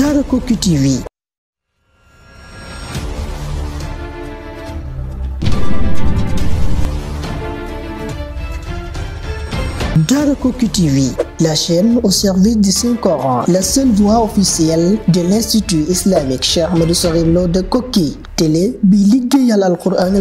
Daarakoki TV la chaîne au service du Saint-Coran, la seule officielle de l'Institut islamique Cheikh Ahmadou de Koki, télé bi liggéeyal Al Quran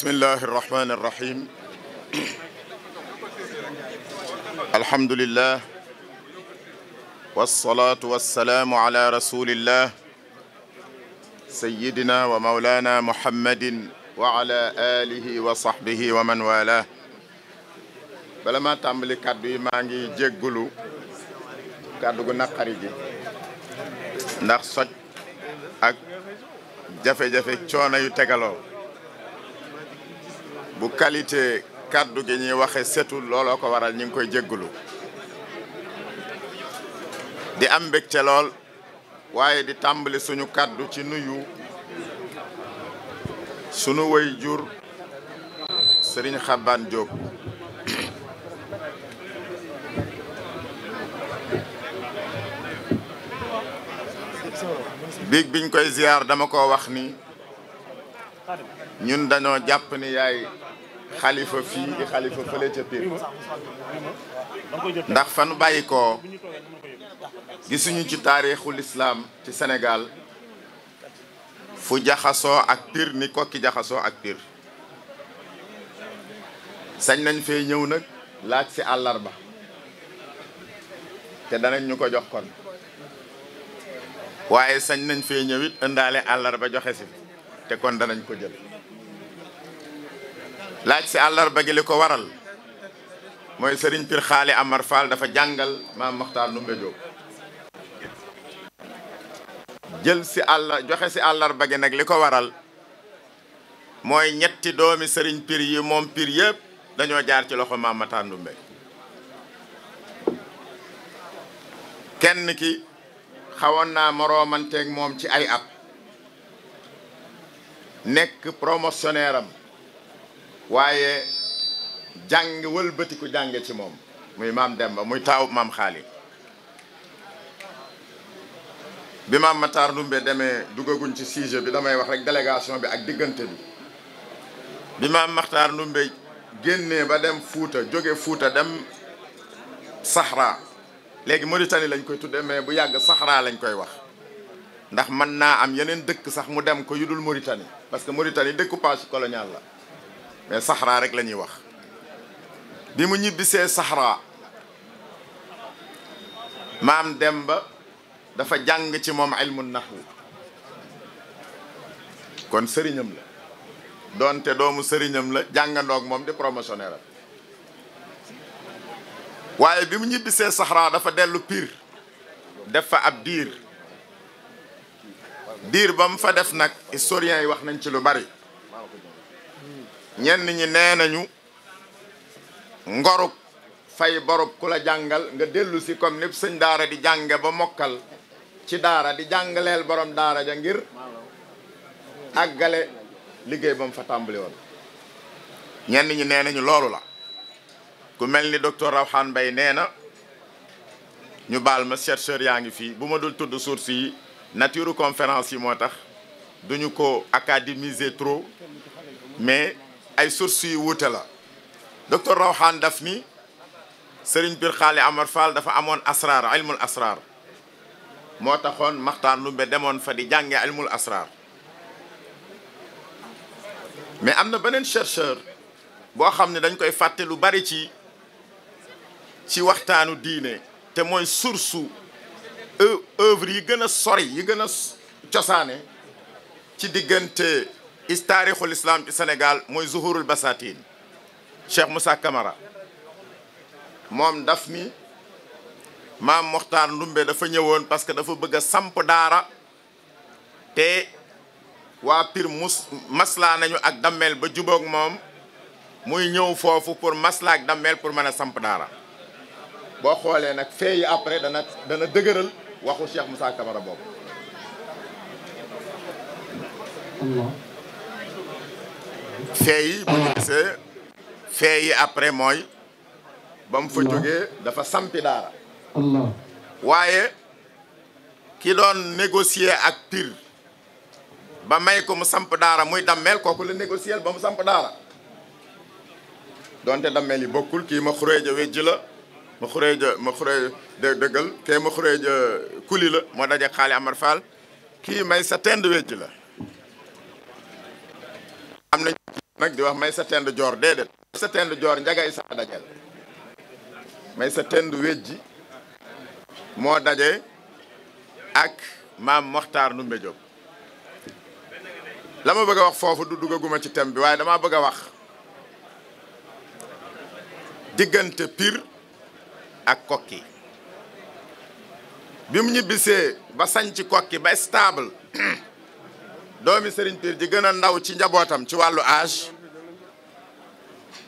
bismillahi irrahmani irrahim alhamdulillah walsalatu walsalaamu ala rasulillah sayidina wa maulana muhammadin wa ala alihi wa sahbihi wa man wala bala maa tàmbali kàddu yi maa ngi jéggulu kàddu gu naqari gi ndax soj ak jafe-jafe coono yu tegaloo bu qualité kàddu gi ñuy waxe setul looloo ko waral ñu ngi koy jéggulu di am mbégte lool waaye di tàmbali suñu kàddu ci nuyu sunu woy jur sëriñ Xaban Diop biig biñ koy ziar dama ko wax ni ñun dañoo jàpp ni yaay xalifa fii i xalifa fële ca Pire ndax fanu bàyyi ko gisuñu ci taarixu lislaam ci Sénégal fu jaxasoo ak Pire ni kokki jaxasoo ak Pire sañ nañ fee ñëw nag laaj si àllarba te danañ ñu ko jox kon waaye sañ nañ fee ñëwit it ëndaale àllarba joxe si te kon danañ ko jël laaj si àllarba gi li ko waral mooy sëriñ Pir Xaali Amar dafa jàngal maam Maxtaar Ndumbe jël si àllar joxe si àllarba gi nag li ko waral mooy ñetti doomi sëriñ Pir yi moom Pir yëpp dañoo jaar ci loxo maam Maxtaar kenn ki xawoon naa moroomanteeg moom ci ay ab nekk promotionnaire waaye jàng wëlbatiku jànge ci moom muy maam ba muy taaw maam xaali bi maam mataar Ndumbe demee duggaguñ ci sujet bi damay wax rek délégation bi ak diggante bi bi maam Matar Ndumbe génnee ba dem Fuuta jóge Fuuta dem Sahara léegi Mauritanie lañ koy tuddee mais bu yàgg Sahara lañ koy wax ndax man naa am yeneen dëkk sax mu dem ko yu dul Mauritanie parce que Mauritanie découpage colonial la mais saxraa rek lañuy wax bi mu ñibbisee saxraa maam Demba dafa jàng ci moom ilmu naxwu kon sëriñam doonte doomu sëriñam la jàngandoog moom di promotionnaire waaye bi mu ñibbisee saxraa dafa dellu Pire def fa ab diir diir ba mu fa def nag historiens yi wax nañ ci lu bari ñenn ñi nee nañu ngorub fay borub ku la jàngal nga dellusi kom comme lépp sëñ daara di jànge ba mokkal ci daara di jàngaleel borom daara ja ngir àggale liggéey ba mu fa tàmbali woon ñenn ñi nee nañu loolu la ku mel ni docteur Rawxaan Mbaye nee na ñu baal ma chercheur yaa ngi fii bu ma dul tudd source si nature conférence yi moo tax duñu ko académiser trop mais ay sources yu wuute la docteur Rawhan daf ni Serigne Bir Xaali Amar Fall dafa amoon asrar ilmul asrar moo taxoon Maxtaan Lumbe demoon fa di jànge ilmul asrar mais am na beneen chercheur boo xam ne dañ koy fàtte lu bari ci ci waxtaanu diine te mooy source œuvre yi gën a sori yi gën a cosaane ci diggante istaarixul islam ci Sénégal mooy zuhurul basatin Cheikh Moussa kamara moom daf ni maam Mokhtar Ndumbe dafa ñëwoon parce que dafa bëgg a samp daara te waa piir mus maslaa nañu ak dammel ba jubóog moom muy ñëw foofu pour maslaa ak dammel pour mën a samp daara boo xoolee nag fee yi après dana dëgëral waxu Cheikh Moussa Camara boobu. fee yi bu ñu gisee fee après mooy ba mu fa jógee dafa sampi daara waaye ki doon négocier ak Pire ba may ko mu samp daara muy dammeel kooku la négocier ba mu samp daara donte dammeel yi bokkul kii ma xureeja wejji la ma xureeja ma xureeja dëggal kee ma xureeja kuli la moo daje xaali Amar Fall kii may sa tend wejji la am na nag di wax may sa tend joor déedéet sa tend joor njagay sa dajel may sa tend wejji moo daje ak maam Moxtaar Ndumbe Jóob la ma bëgg a wax foofu du duggaguma ci thème bi waaye damaa bëgg a wax diggante piir ak Kokki bi mu ñibbisee ba sañ ci Kokki ba stable doomi Serigne Pire ji gën a ndaw ci njabootam ci wàllu âge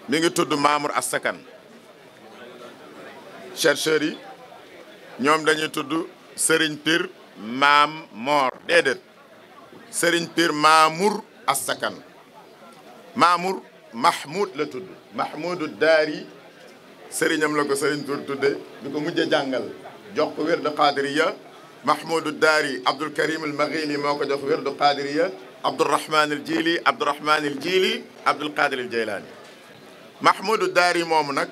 mi ngi tudd Mamour Assakan chercheurs yi ñoom dañuy tudd sëriñ piir Maam Moor déedéet Serigne Pire Mamour Assakan Mamour Mahmoud la tudd Mahmoudu Daari sëriñam la ko Serigne Pire tudde di ko mujj jàngal jox ko wér de xaadiriya Mahmoudou Daari Abdoul Karim al Maghili moo ko jox wirdu Qaadiriya Abdourahman al Jili Abdourahman al Jili Abdoul Qadir al Jeylaani Mahmoudou Daari moomu nag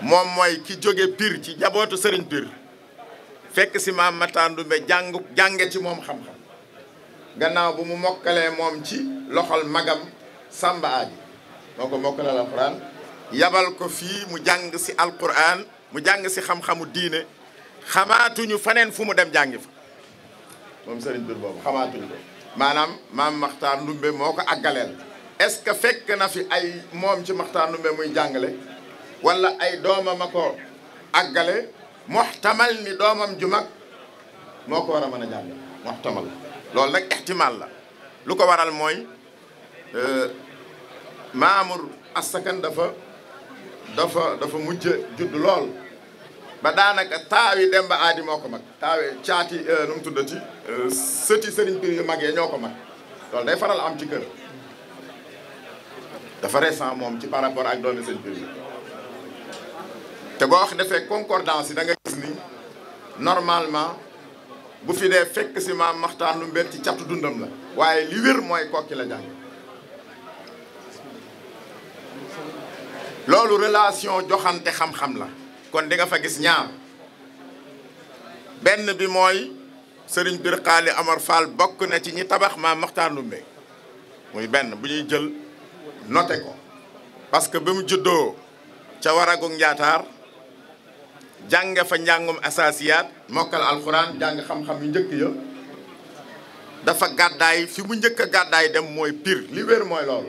moom mooy ki jóge piir ci jabootu sëriñ piir fekk si maam Matandumbe jàng jànge ci moom xam-xam gannaaw bu mu mokkalee moom ci loxol magam Samba Adi moo ko mokkalal alquran yabal ko fii mu jàng si alquran mu jàng si xam-xamu diine xamaatuñu faneen fu mu dem jàngi fa moom sëriñ bir boobu xamaatuñu ko maanaam maam Maxtaar Ndumbe moo ko àggaleel est-ce que fekk na fi ay moom ci Maxtaar Ndumbe muy jàngale wala ay doomam a ko àggale moxtamal ni doomam ju moo ko war a mën a jàngale moxtamal loolu nag ixtimal la lu ko waral mooy euh, Maamur Asakan dafa dafa dafa mujj judd lool ba daanaka taawi ba Aadi moo ko mag taawi caati euh, nu mu tuddati euh, sëti sëriñ bi yu mag yee ñoo ko mag loolu day faral am ci kër dafa récent moom ci par rapport ak doomi sëñ bi te boo wax defee concordance yi da nga gis ni normalement bu fi dee fekk si maam Maxtaar lu mbir ci catu dundam la waaye li wér mooy kokki la jàng loolu relation joxante xam-xam la kon di nga fa gis ñaar benn bi mooy sëriñ bir xaali Amar Fall bokk na ci ñi tabax maam Makhtar Ndoumbe muy benn bu ñuy jël note ko parce que bi mu juddoo ca waragu njaataar jànge fa njàngum asasiyaat mokkal alxuraan jàng xam-xam yu njëkk ya dafa gàddaay fi mu njëkk a gàddaay dem mooy Pire li wér mooy loolu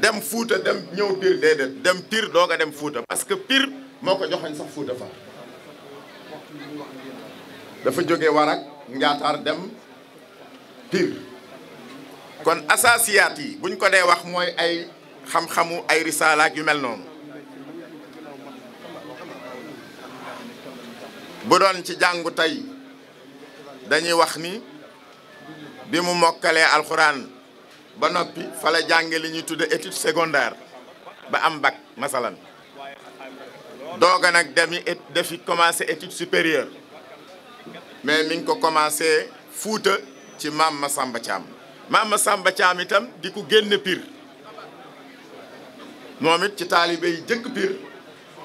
dem Fuuta dem ñëw Pire déedéet dem Pire doog a dem Fuuta parce que Pire moo ko joxoon sax Fouta Fall dafa jóge Warak Njaataar dem Pire kon asasiyaat yi buñ ko dee wax mooy ay xam-xamu ay risaalaak yu mel noonu bu doon ci jàngu tey dañuy wax ni bi mu mokkalee alxuraan ba noppi fa la jànge li ñuy tudde étude secondaire ba am mbag masalan dooga nag demi defi commencé étude supérieure mais mi ko commencé fuuta ci maam Masamba Thiam maam Masamba Thiam itam di ko génne piir moom it ci taalibe yi jëkk Pire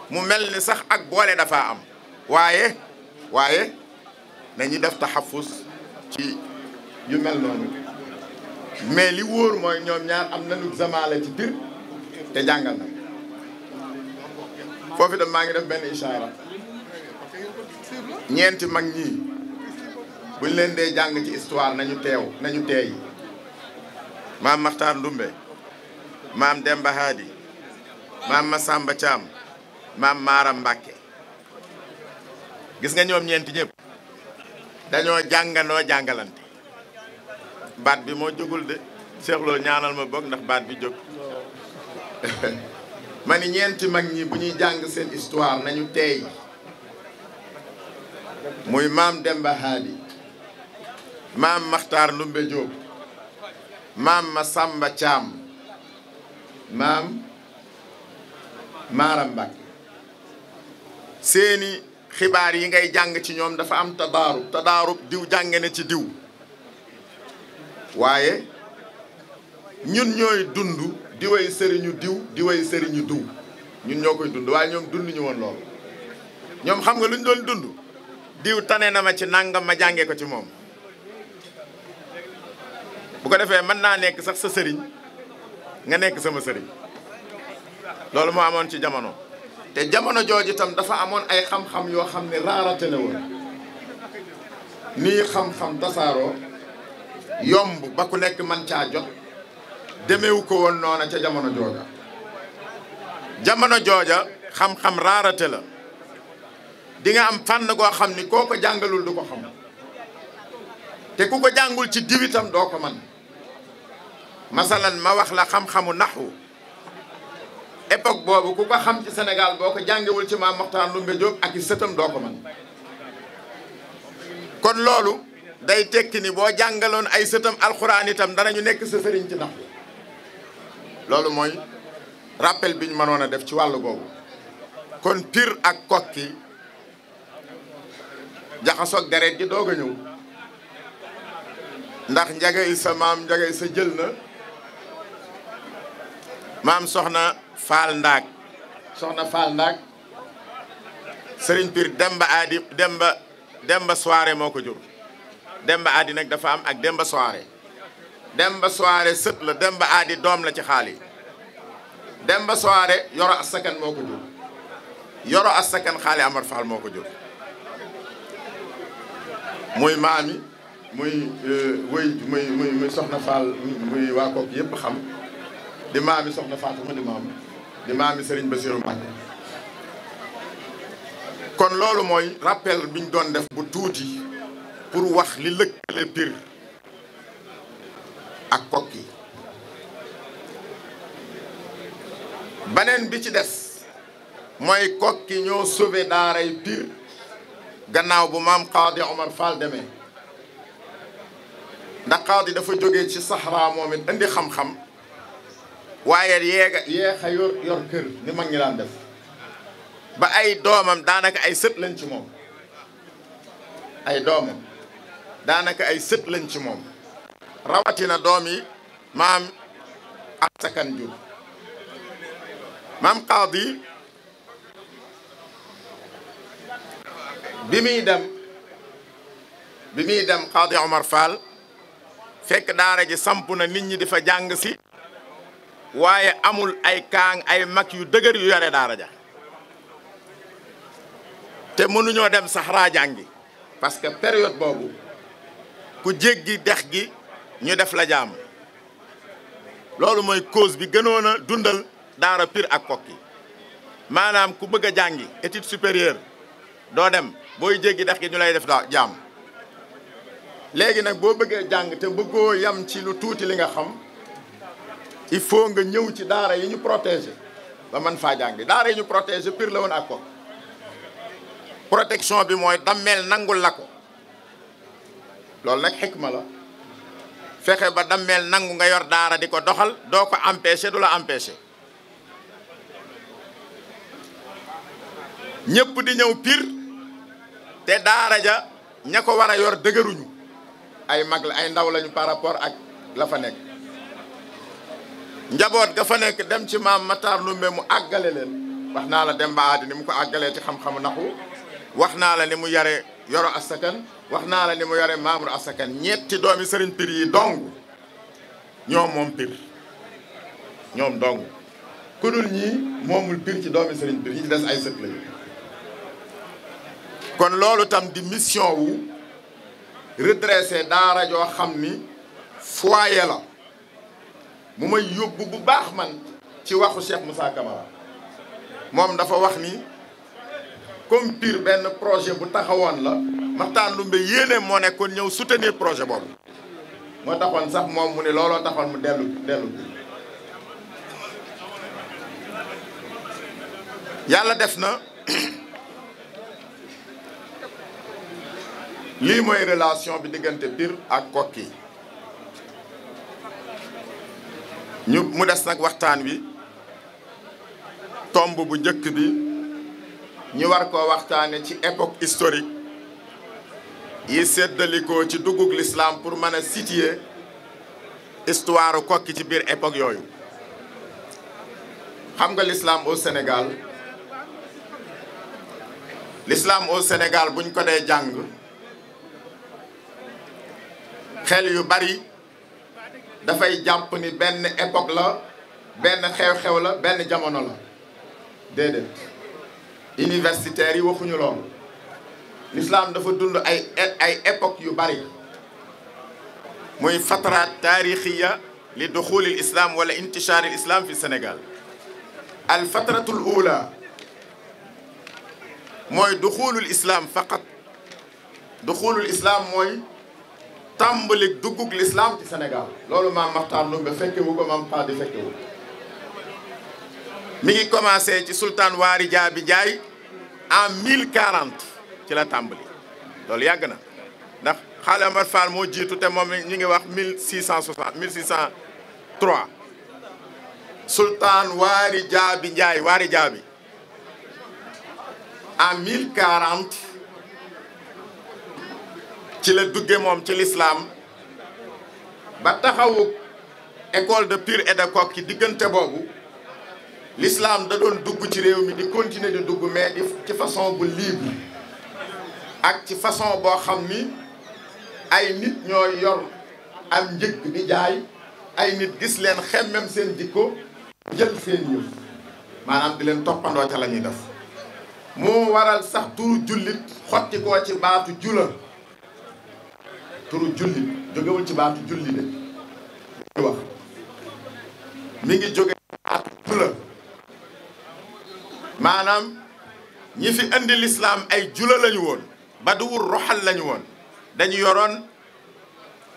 mu mel ni sax ak boole dafa am waaye waaye nañu def taxafus ci yu mel noonu mais li wóor mooy ñoom ñaar am nañu zamaala ci Pire te jàngal na foofu itam maa ngi def benn ishaara ñeenti mag ñii buñ leen dee jàng ci histoire nañu teew nañu teey maam Makhtar Ndumbe maam dem Hadi maam Massamba Thiam maam maaram Mbacke gis nga ñoom ñeenti ñëpp dañoo jàngandoo jàngalante baat bi moo jógul de Cheikh Lo ñaanal ma bokk ndax baat bi jóg ma ni ñeenti mag ñi bu ñuy jàng seen histoire nañu teey muy maam Demba Haali maam Makhtar Lumbe Diop maam Masamba Thiam maam Mara seeni xibaar yi ngay jàng ci ñoom dafa am tadaarub tadaarub diw jàng na ci diw waaye ñun ñooy dund diwee sëriñu diw diwee sëriñu diw ñun ñoo ñu dund waaye ñoom dund ñu woon loolu ñoom xam nga lu ñu doon dund diw tane na ma ci nangam ma jàngee ko ci moom bu ko defee mën naa nekk sax sa sëriñ nga nekk sama sëriñ loolu moo amoon ci jamono te jamono jooju itam dafa amoon ay xam-xam yoo xam ne raarate na woon nii xam-xam tasaaroo yomb ba ku nekk man caa jot demewu ko woon noona ca jamono jooja jamono jooja xam-xam raarate la di nga am fànn goo xam ni koo ko jàngalul du ko xam te ku ko jàngul ci diwitam doo ko man masalan ma wax la xam-xamu naxwu époque boobu ku ko xam ci Sénégal boo ko jàngewul ci maam Moxtaar Lumbe Jóob ak i sëtam doo ko man kon loolu day tekki ni boo jàngaloon ay sëtam alxuraan itam ñu nekk sa sëriñ ci naxwu loolu mooy rappel biñ ñu mënoon a def ci wàllu googu kon Pire ak Kokki jaxasoog deret ji doog a ñëw ndax njagay sa maam njagay sa jël na maam soxna faal ndaag soxna faal ndaag sëriñ piir demba aadi demba demba moo ko jur demba aadi nag dafa am ak demba soirée Demba Souaré sët la Demba Aadi doom la ci xaali Demba Souaré Yoro Assakan moo ko jur Yoro Assakan xaali Amar Fall moo ko jur muy maami muy euh, wëy muy muy muy soxna Fall muy waa kook yëpp xam di maami soxna Faatuma di maam di maami Serigne Bassirou Mbacké kon loolu mooy rappel bi doon def bu tuuti pour wax li lëkkale Pire ak kokki beneen bi ci des mooy kokki ñoo sauvé daaray Pire gannaaw bu maam Xaadi Omar Fall demee ndax Xaadi dafa jóge ci Sahara moom indi xam-xam waaye yeega yeexa yor yor kër ni mag ñi daan def ba ay doomam daanaka ay sët lañ ci moom ay doomam daanaka ay sët lañ ci moom rawatina doom yi maam Asta Kane Diouf maam Xaadi bi muy dem muy dem Xaadi Omar Fall fekk daara ji samp na nit ñi dafa jàng si waaye amul ay kaang ay mag yu dëgër yu yare daara ja te mënuñoo dem saxaraa jàngi parce que période boobu ku jéggi dex gi ñu def la jaam loolu mooy cause bi gënoon a dundal daara piir ak Koki maanaam ku bëgg a jàngi étude supérieure doo dem booy jéggi dex gi ñu lay def daa jaam léegi nag boo bëggee jàng te bëggoo yam ci lu tuuti li nga xam il faut nga ñëw ci daara yi ñu protéger ba mën faa jàngi daara yi ñu protéger piir la woon ak Koki protection bi mooy dammeel nangul la ko loolu nag xikma la fexe ba dammeel nangu nga yor daara di ko doxal doo ko empêché du la empêché ñëpp di ñëw piir te daara ja ña ko war a yor dëgëruñu ay mag la ay ndaw lañu par rapport ak la fa nekk njaboot ga fa nekk dem ci maam lu Lumbe mu àggale leen wax naa la dem ba aadi ni mu ko àggalee ci xam-xamu naxu wax naa la ni mu yare yoro assakan wax naa la ni mu yore membre assakan ñetti doomi sëriñ pir yi dong ñoom moom pir ñoom dong ku dul ñii moomul pir ci doomi sëriñ pir yi des ay sët lañu kon loolu tam di mission wu redressé daara joo xam ni foyer la mu may yóbbu bu baax man ci waxu Cheikh Moussa Camara moom dafa wax ni comme PUR benn projet bu taxawoon la Makhtar Ndoumbe yéene moo nekkoon ñëw soutenir projet boobu moo taxoon sax moom mu ne looloo taxoon mu dellu dellu yàlla def na lii mooy relation bi diggante PUR ak Koki ñu mu des nag waxtaan wi tomb bu njëkk bi ñu war koo waxtaane ci époque historique yi seddalikoo ci duggug l'islam pour mën a situer histoire kokki ci biir époque yooyu xam nga l'islam au Sénégal l'islam au Sénégal buñ ko dee jàng xel yu bari dafay jàpp ni benn époque la benn xew-xew la benn jamono la universitaires yi waxuñu loolu l'islam dafa dund ay ay yu bari muy fatrat taarixiya li duxulil islam wala intisharil islam fi Sénégal al fatratul ula mooy duxulul islam faqat duxulul islam mooy tàmbali duggug l'islam ci Sénégal loolu maam Maxtaar Ndumbe fekkewu ko maam Xaadi fekkewu mi ngi commencé ci sultaan waari jaabi jaay en mille quarante ci la tàmbali loolu yàgg na ndax xaale Amar Fall moo jiitu te moom ñu ngi wax mille six cent soixante mille six cent sultaan waari jaabi njaay waari jaabi ci la dugge moom ci lislaam ba taxawu école de Pire et de Coq ci diggante boobu lislaam da doon dugg ci réew mi di continuer di dugg mais di ci façon bu libre ak ci façon boo xam ni ay nit ñoo yor am njëg di ay nit gis leen xemmem seen jikko jël seen yëf maanaam di leen toppandoo ca la def moo waral sax turu jullit xotti koo ci baatu jula turu jullit jógewul ci baatu julli de wax ngi jóge baatu jula maanaam ñi fi indi lislaam ay jula lañu woon ba duwul roxal lañu woon dañu yoroon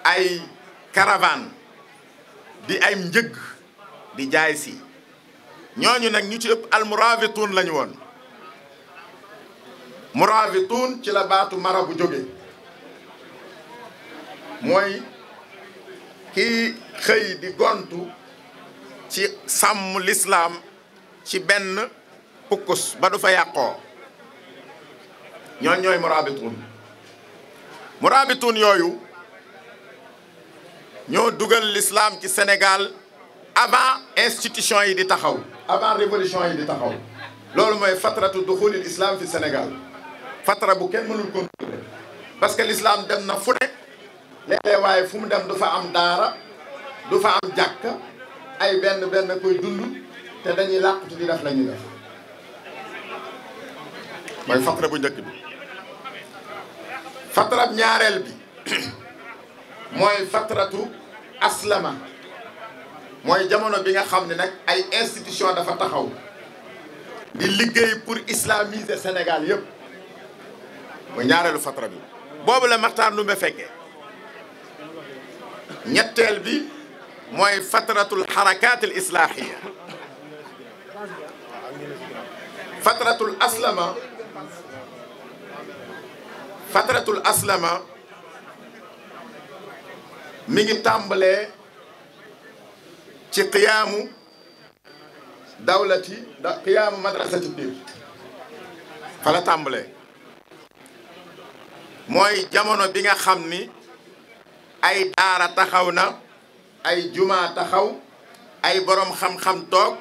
ay caravane di ay njëgg di jaay si ñooñu nekk ñu ci ëpp almuravituun lañu woon muravituun ci la baatu mara bu jóge mooy kii xëy di gontu ci sàmm lislaam ci benn pukkus ba du fa yàqoo ñoon ñooy muraabituun muraabituun yooyu ñoo dugal lislaam ci Sénégal avant institution yi di taxaw avant révolution yi taxaw loolu mooy fatratu duxulil islam fi Sénégal fatra bu kenn mënul contrôler parce que l'islam dem na fu ne léeg waaye fu mu dem du fa am daara du fa am jàkka ay benn benn koy dund te dañuy làqtu di def la ñuy def mooy fatra bu njëkk bi fatrab ñaareel bi mooy fatratu aslama mooy jamono bi nga xam ne nag ay institution dafa taxaw di liggéey pour islamiser senegal yëpp mooy ñaareelu fatra bi boobu la Maxtaar Ndumbe fekkee ñetteel bi mooy fatratul xarakaat aslama fatratul aslama mi ngi tàmbalee ci qiyaamu dawlati da qiyaamu madrasati diir fa tàmbalee mooy jamono bi nga xam ni ay daara taxaw na ay jumaa taxaw ay boroom xam-xam toog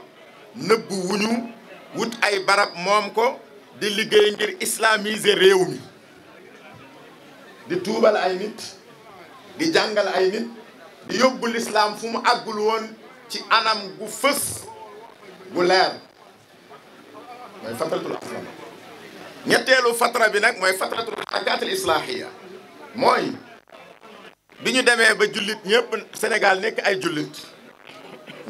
nëbb wuñu wut ay barab moom ko di liggéey ngir islamiser réew mi di tuubal ay nit di jàngal ay nit di yóbbu lislaam fu mu àggul woon ci anam gu fës gu leer mooy fatratul ñetteelu fatra bi nag mooy fatratul xarakatul islaahiya mooy bi ñu demee ba jullit ñëpp senegal nekk ay jullit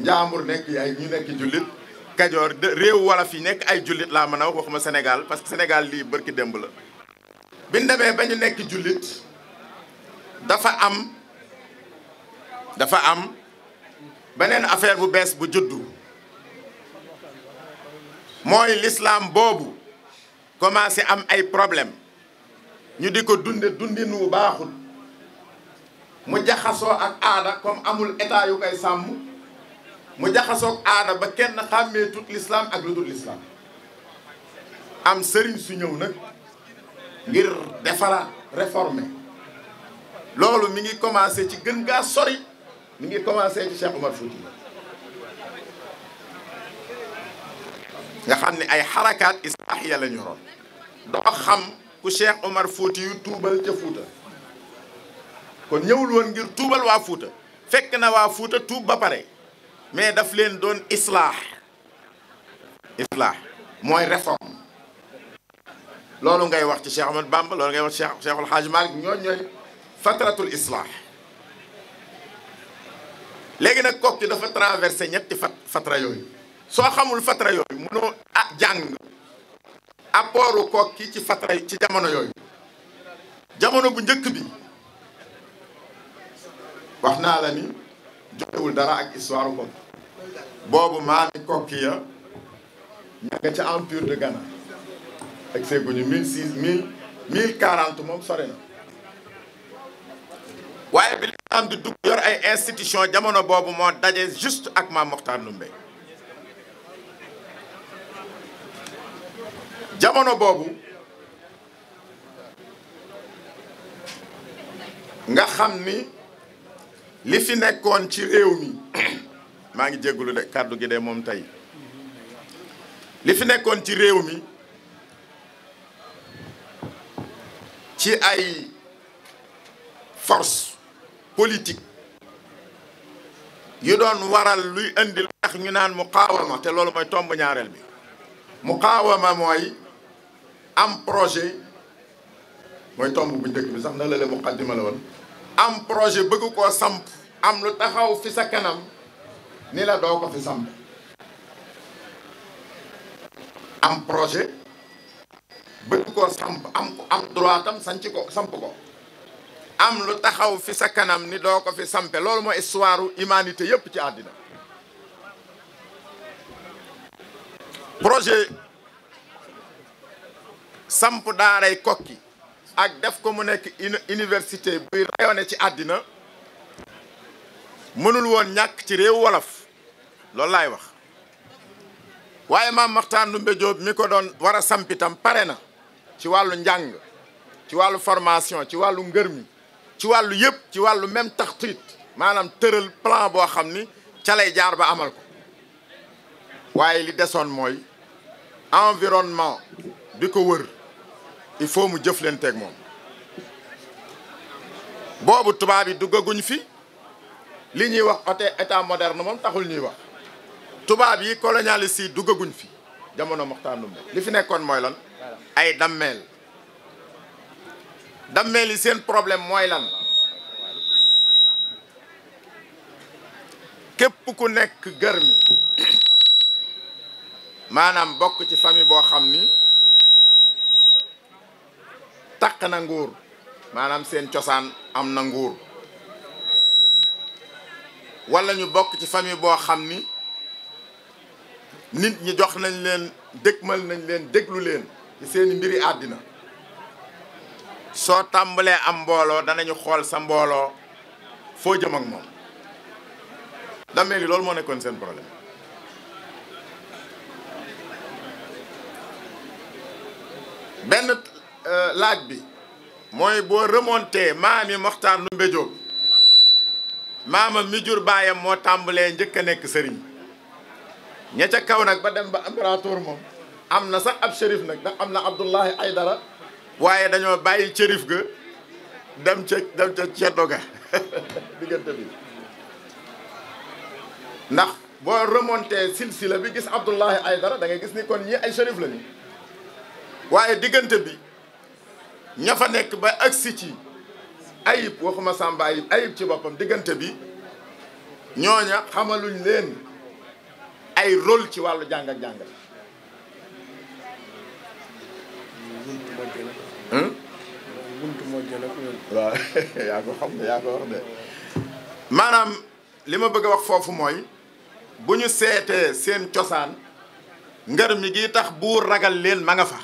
njaambur nekk ay ñi nekk jullit Kajoor réew wala fi nekk ay jullit laa mën a wax waxuma Sénégal parce que Sénégal lii bërki démb la bi ba ñu nekk jullit dafa am dafa am beneen affaire bu bees bu juddu mooy lislaam boobu commencé am ay problème ñu di ko dunde dundin wu baaxul mu jaxasoo ak aada comme amul état yu koy sàmm mu jaxasoo ak aada ba kenn xàmmee tut l'islam ak lu dul am sëriñ su ñëw nag ngir defara réformer loolu mi ngi commencé ci gën gaa sori mu ngi commencé ci Cheikh Omar Fouti nga xam ne ay xarakaat islaahiya la ñu roon doo xam ku Cheikh Omar Fouti yu tuubal ca Fouta kon ñëwul woon ngir tuubal waa Fouta fekk na waa Fouta tuub ba pare mais daf leen doon islaax islaax mooy réforme loolu ngay wax ci Cheikh Ahmad Bamba loolu ngay wax ci Cheikh Cheikhul Hadj Malick ñooñ ñooy fatratul léegi nag kooku dafa traversé ñetti fat fatra yooyu soo xamul fatra yooyu mënoo ah jàng apportu kooku ci fatra ci jamono yooyu jamono bu njëkk bi wax naa la ni jotewul dara ak histoire kooku boobu maa ni kooku ya ña ca empire de Ghana ak seeguñu mille six mille mille quarante moom sore na waaye bi am di dugg yor ay institution jamono boobu moo daje juste ak Mame Makhtar Ndoumbe jamono boobu nga xam ni li fi nekkoon ci réew mi maa ngi jégalu de kàddu gi de moom tey li fi nekkoon ci réew mi ci ay force politique yu doon waral luy indi tax ñu naan muqaawama te loolu mooy tomb ñaareel bi muqaawama mooy am projet mooy tomb bu njëkk bi sax na la le muqaddima la woon am projet bëgg ko samp am lu taxaw fi sa kanam ni la doo ko fi samp am projet bëgg ko samp am am droit tam ko samp ko am lu taxaw fi sa kanam ni doo ko fi sampe loolu mooy histoire humanité yépp ci àddina projet samp daaray kokki ak def ko mu nekk université buy rayonné ci àddina mënul woon ñàkk ci réew wolof loolu laay wax waaye maam Maxtaan Ndumbe Jóob mi ko doon wara sampitam pare na ci wàllu njàng ci wàllu formation ci wàllu ngër mi ci wàllu yëpp ci wàllu même taxtiit maanaam tëral plan boo xam ni ca lay jaar ba amal ko waaye li desoon mooy environnement di ko wër il faut mu jëflanteeg moom boobu tubaab yi duggaguñ fi li ñuy wax ote état moderne moom taxul ñuy wax tubaab yi colonialiste yi duggaguñ fi jamono Mokhtar Ndoumbé li fi nekkoon mooy lan ay dammeel dammeel yi seen problème mooy lan képp ku nekk gër mi maanaam bokk ci famille boo xam ni taq na nguur maanaam seen cosaan am na nguur walla ñu bokk ci famille boo xam ni nit ñi jox nañ leen dégmal nañ leen déglu leen ci mbir mbiri àddina soo tàmbalee am mbooloo danañu xool sa mbooloo foo jëm ak moom damee li loolu moo nekkoon seen problème benn euh, laaj bi mooy boo remonté maami Moxtaar Ndumbe Jóob maama mi jur baayam moo tàmbalee njëkk a nekk sëriñ ña ca kaw nag ba dem ba impérator moom am na sax ab shérif nag ndax am na ay dara waaye dañoo bàyyi shérif ga dem ca dem ca ceddo ga diggante bi ndax boo remonté silsila bi gis Abdoulahi ay dara dangay gis ni kon ñii ay shérif lañu waaye diggante bi ña fa nekk ba agsi ci ayib waxuma Samba ayib ayib ci boppam diggante bi ñooña xamaluñ leen ay rol ci wàllu jàng ak jàngal waaw yaa ko xam maanaam li ma bëgg a wax foofu mooy bu ñu seetee seen cosaan ngër mi gi tax buur ragal leen ma nga fa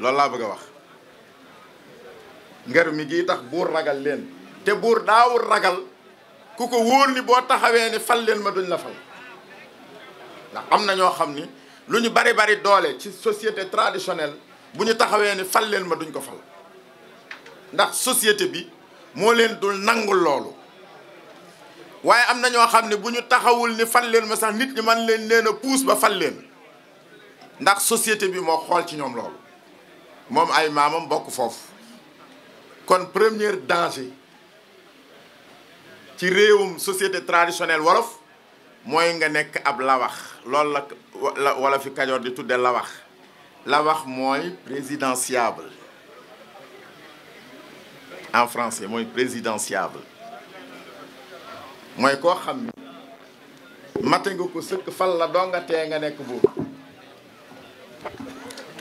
loolu laa bëgg a wax ngër mi gi tax buur ragal leen te buur daawul ragal ku ko wóor ni boo taxawee ni fal leen ma duñ la fal ndax am na ñoo xam ni lu ñu bari bari doole ci société traditionnelle bu ñu taxawee ni fal leen ma duñ ko fal ndax société bi moo leen dul nangu loolu waaye am na ñoo xam ne bu ñu taxawul ni fal leen ma sax nit ñi man leen leen a puus ba fal leen ndax société bi moo xool ci ñoom loolu moom ay maamam bokk foofu kon premier danger ci réewum société traditionnelle wolof mooy nga nekk ab lawax lool la wala fi kajoor di tudde lawax lawax mooy présidentiable en français mooy présidentiable mooy koo xam ni mate nga ko sëkk fal la donga tee nga nekk buur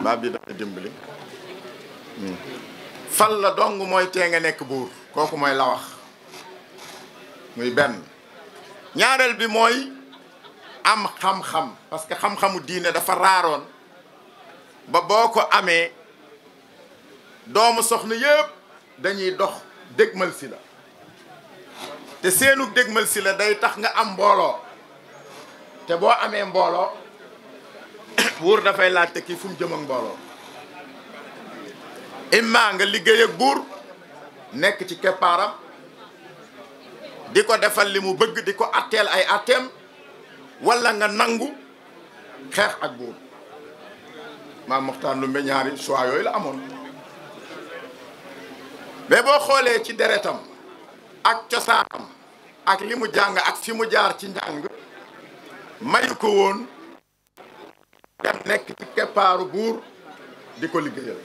mbaa bi dana dimbali hmm. fal la dong mooy tee nga nekk buur kooku mooy la wax muy benn ñaareel bi mooy am xam-xam parce que xam-xamu diine dafa raaroon ba boo ko amee doomu soxna yépp dañuy dox dégmal si la te seenu dégmal si la day tax nga am mbooloo te boo amee mbooloo buur dafay laajte kii fu jëm ak mbooloo imma nga liggéey ak buur nekk ci keppaaram di ko defal li mu bëgg di ko atteel ay atteem walla nga nangu xeex ak buur maam Moxtaar Lumbe ñaari choix yooyu la amoon mais boo xoolee ci deretam ak cosaanam ak li mu jàng ak fi mu jaar ci njàng mayu ko woon nekk ci keppaaru buur di ko liggéeyal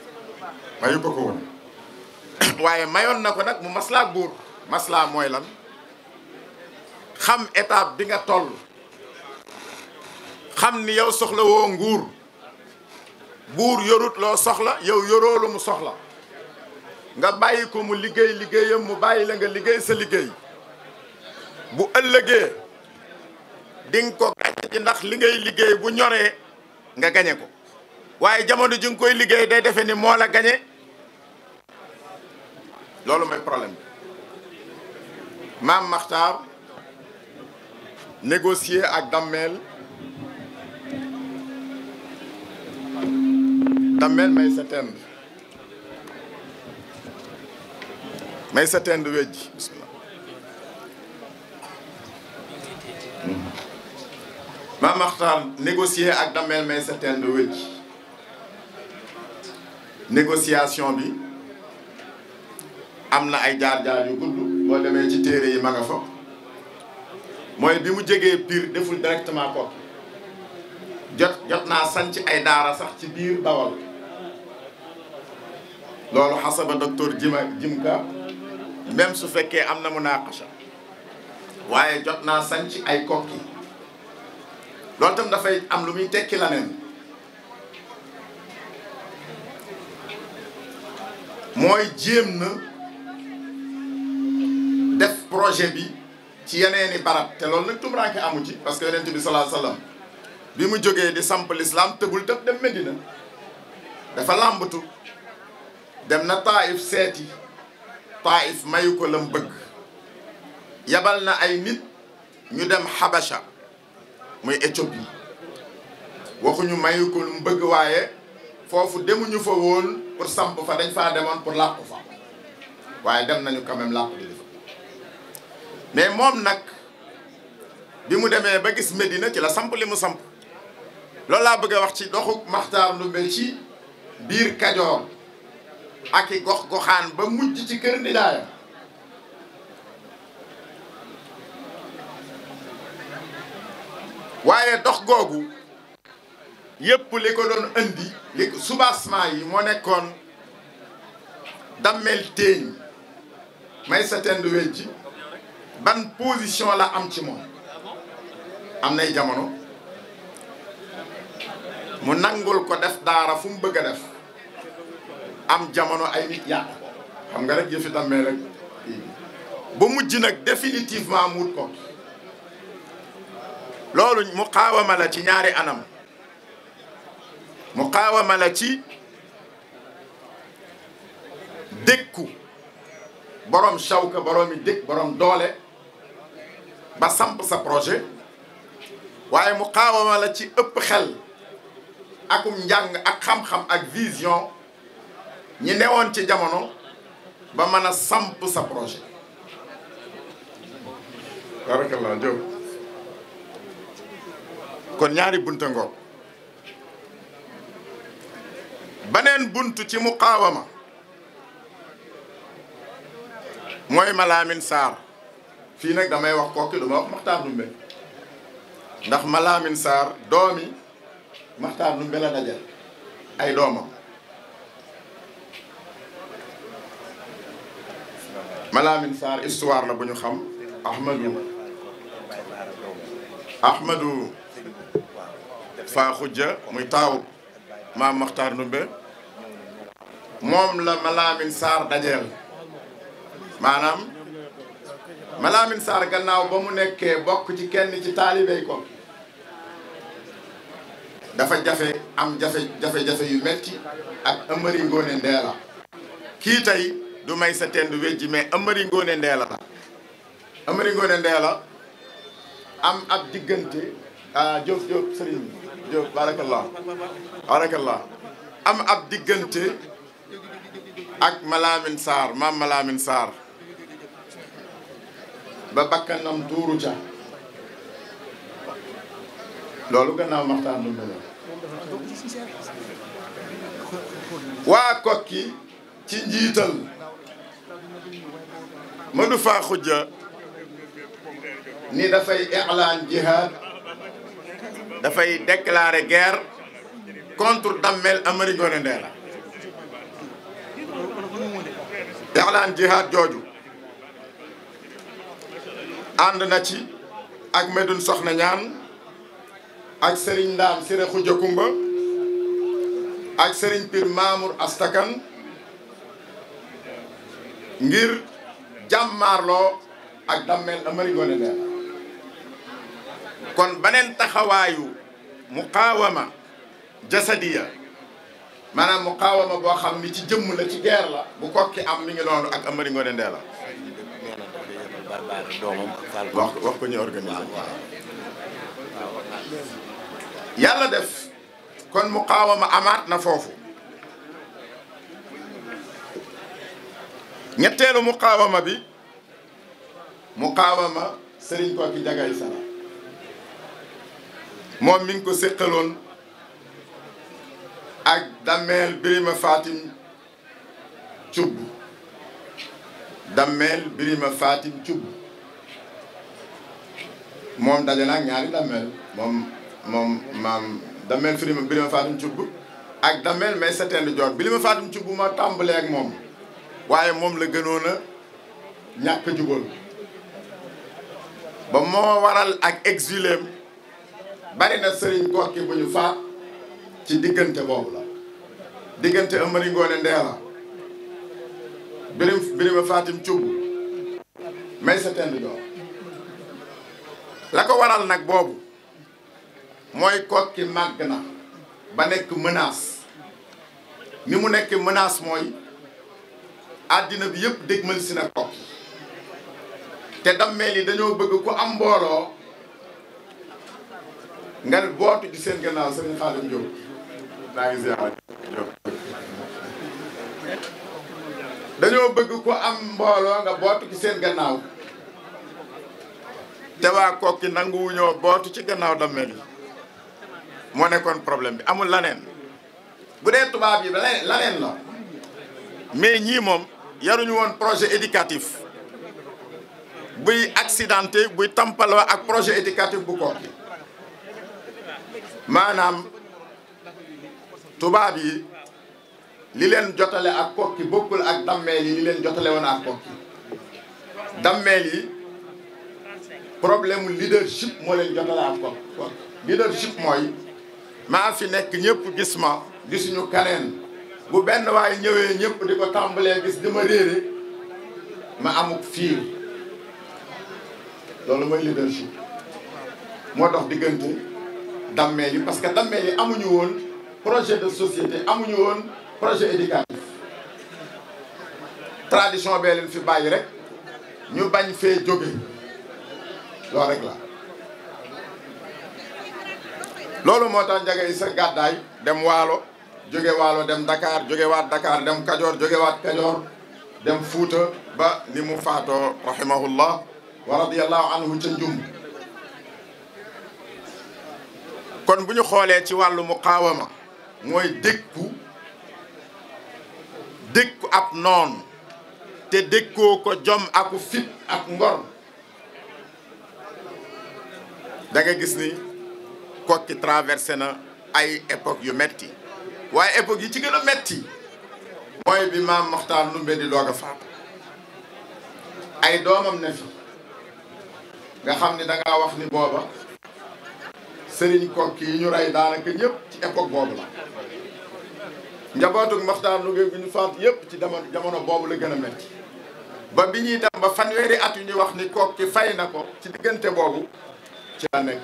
mayu ko ko woon waaye mayoon na ko nag mu maslaa buur maslaa mooy lan xam étape bi nga toll xam ni yow soxla woo nguur buur yorut loo soxla yow yoroo lu mu soxla nga bàyyi ko mu liggéey liggéeyam mu bàyyi la nga liggéey sa liggéey bu ëllëgee di ko gañe ndax li ngay liggéey bu ñoree nga gañe ko waaye jamono ji nga koy liggéey day defe ni moo la gañe loolu mooy problème bi maam Makhtar négocier ak dammeel Damel may sa may sa tend wejji bismillah Maam Maxtaar négocier ak Damel may sa tend wejji négociation bi am na ay jaar-jaar yu gudd boo demee ci téere yi ma nga fa mooy bi mu jegee Pire deful directement ko jot jot naa sanc ay daara sax ci biir Bawol loolu xasaba docteur Jima Jimka même su fekkee am na munaqasha waaye jot naa sanc ay kokki loolu tam dafay am lu muy tekki la neen mooy jéem na def projet bi ci yeneeni barab te loolu nag tumuraanke amu ci parce que yonent bi salaa sallam bi mu jógee di samp lislaam tëbul tëb dem Medina dafa làmbatu dem na Taif seeti Taif mayu ko lam bëgg yabal na ay nit ñu dem Habasha muy Éthiopie waxuñu mayu ko lam bëgg waaye foofu demuñu fa woon pour samp fa dañ faa demoon pour làqu fa waaye dem nañu quand làqu di fa mais moom nag bi mu demee ba gis Medina ci la samp li mu samp loolu laa bëgg a wax ci doxu Maxtaar Ndumbe ci biir Kajoor ak i gox goxaan ba mujj ci kër nijaayam waaye dox googu yépp li ko doon indi li soubassement yi moo nekkoon dammel téeñ may sa tend wejji ban position la am ci moom am nay jamono mu nangul ko def daara fu mu bëgg a def am jamono ay nit yàq ko xam nga rek yëfi dammee rek ba mujj nag définitivement mu ko loolu mu xaawama la ci ñaari anam mu xaawama la ci dékku borom sawka borom yi dëkk borom doole ba samp sa projet waaye mu xaawama la ci ëpp xel akum njàng ak xam-xam ak vision ñi newoon ci jamono ba mën a samp sa projet barakallah Diop kon ñaari bunta ngoog beneen bunt ci mu ma mooy Malamine Sarr fii nag damay wax kooki duma wax Makhtar Dumbe ndax Malamine saar doomi Makhtar Dumbe la dajal ay doomam Malamine Sarr histoire la bu ñu xam Ahmadou Ahmadou Faaxu Dia muy taaw maam Makhtar Ndumbe moom la Malamine Sarr dajeel maanaam Malamine saar gannaaw ba mu nekkee bokk ci kenn ci taalibey ko dafa jafe am jafe jafe-jafe yu metti ak Amari Ngoone Ndeela kii tey du may sa teen du wejji mais Amary Ngoone Ndeela la Ngoone Ndeela am ab diggante ah, Diop Diop sëriñ bi barakallah barakallah am ab diggante ak Malamine Sarr maam Malamine Sarr ba bakkanam tuuru ca loolu gannaaw maxtaan lu mel waa kokki ci njiital Modou Fa Khoudia ni dafay i'lan jihad dafay déclarer guerre contre Damel Amari Ngoone Ndeela i'lan jihad jooju ànd na ci ak Medoune Soxna Ñaan ak Serigne Ndaam Siré Khoudia Kumba ak Serigne Pir Mamour Astakan ngir jàmmaarloo ak dammel Amari Ngoone Ndeela kon beneen taxawaayu muqaawama jasadiya maanaam muqaawama boo xam ni ci jëmm la ci guerre la bu kokki am mi ngi noonu ak Amari Ngoone Ndeela wax wax ko ñu organiser yàlla def kon muqaawama amaat na foofu ñetteelu muqaawama bi muqaawama Serigne Koki Jagay Sala moom mi ngi ko séqaloon ak dammeel Birima Fatim Cubb dammeel Birima Fatim Cubb moom daje naa ñaari dammeel moom moom maam dammeel Birima Fatim Cubb ak dameel may seteen di jot Birima Fatim Cubb ma tàmbalee ak moom waaye moom la gënoon a ñàkk jubal ba moo waral ak exiléem bari na sëriñ Gorki bu ñu faat ci diggante boobu la diggante Amari Ngoone Ndeela birim birima Fatim Cubb may sa tend joor la ko waral nag boobu mooy Kokki màgg na ba nekk menace ni mu nekk mënaas mooy àddina bi yëpp dégmal si na ko te dammeel yi dañoo bëgg ku am mbooloo nga bootu ci seen gannaaw sëriñ Xaadim Jóob dañoo bëgg ku am mbooloo nga bootu ci seen gannaaw te waa kokki nanguwuñoo bootu ci gannaaw dammeel yi moo nekkoon problème bi amul laneen bu dee tubaab yi laneen la mais ñii moom yaruñu woon projet éducatif buy accidenté buy tampaloo ak projet éducatif bu Koki maanaam tubaab yi li leen jotale ak Koki bokkul ak dammeel yi leen jotale woon ak Koki dammeel yi problème leadership moo leen jotale ak Koki leadership mooy maa fi nekk ñëpp gis ma gisuñu kaneen bu benn waay ñëwee ñëpp di ko tàmbalee gis di ma réere ma amuk fiir loolu mooy leadership moo dox diggante dammeel yi parce que dammeel yi amuñu woon projet de société amuñu woon projet éducatif tradition bee leen fi bàyyi rek ñu bañ fee jóge loolu rek la loolu moo tax njagay sa gàddaay dem waalo jóge waalo dem Dakar jóge waat dem Kajoor jóge waat Kajoor dem Fuuta ba ni mu faatoo rahimahullah wa radiyallahu anhu ca njum kon bu ñu xoolee ci wàllu muqaawama mooy dékku dékku ab noon te dékkoo ko jom aku fit ak ngor danga gis ni kokki traversé na ay époque yu metti waaye époque yi ci gën a metti mooy bi maam Moxtaar lu di doog a faatu ay doomam ne fi nga xam ni dangaa wax ni booba sëriñ kokki yi ñu rey daanaka ñëpp ci époque boobu la njabootuk Moxtaar Ndumbe bi ñu faatu yëpp ci jamono jamono boobu la gën a metti ba bi ñuy dem ba fanweeri at yu ñuy wax ni kokki fay na ko ci diggante boobu ci la nekk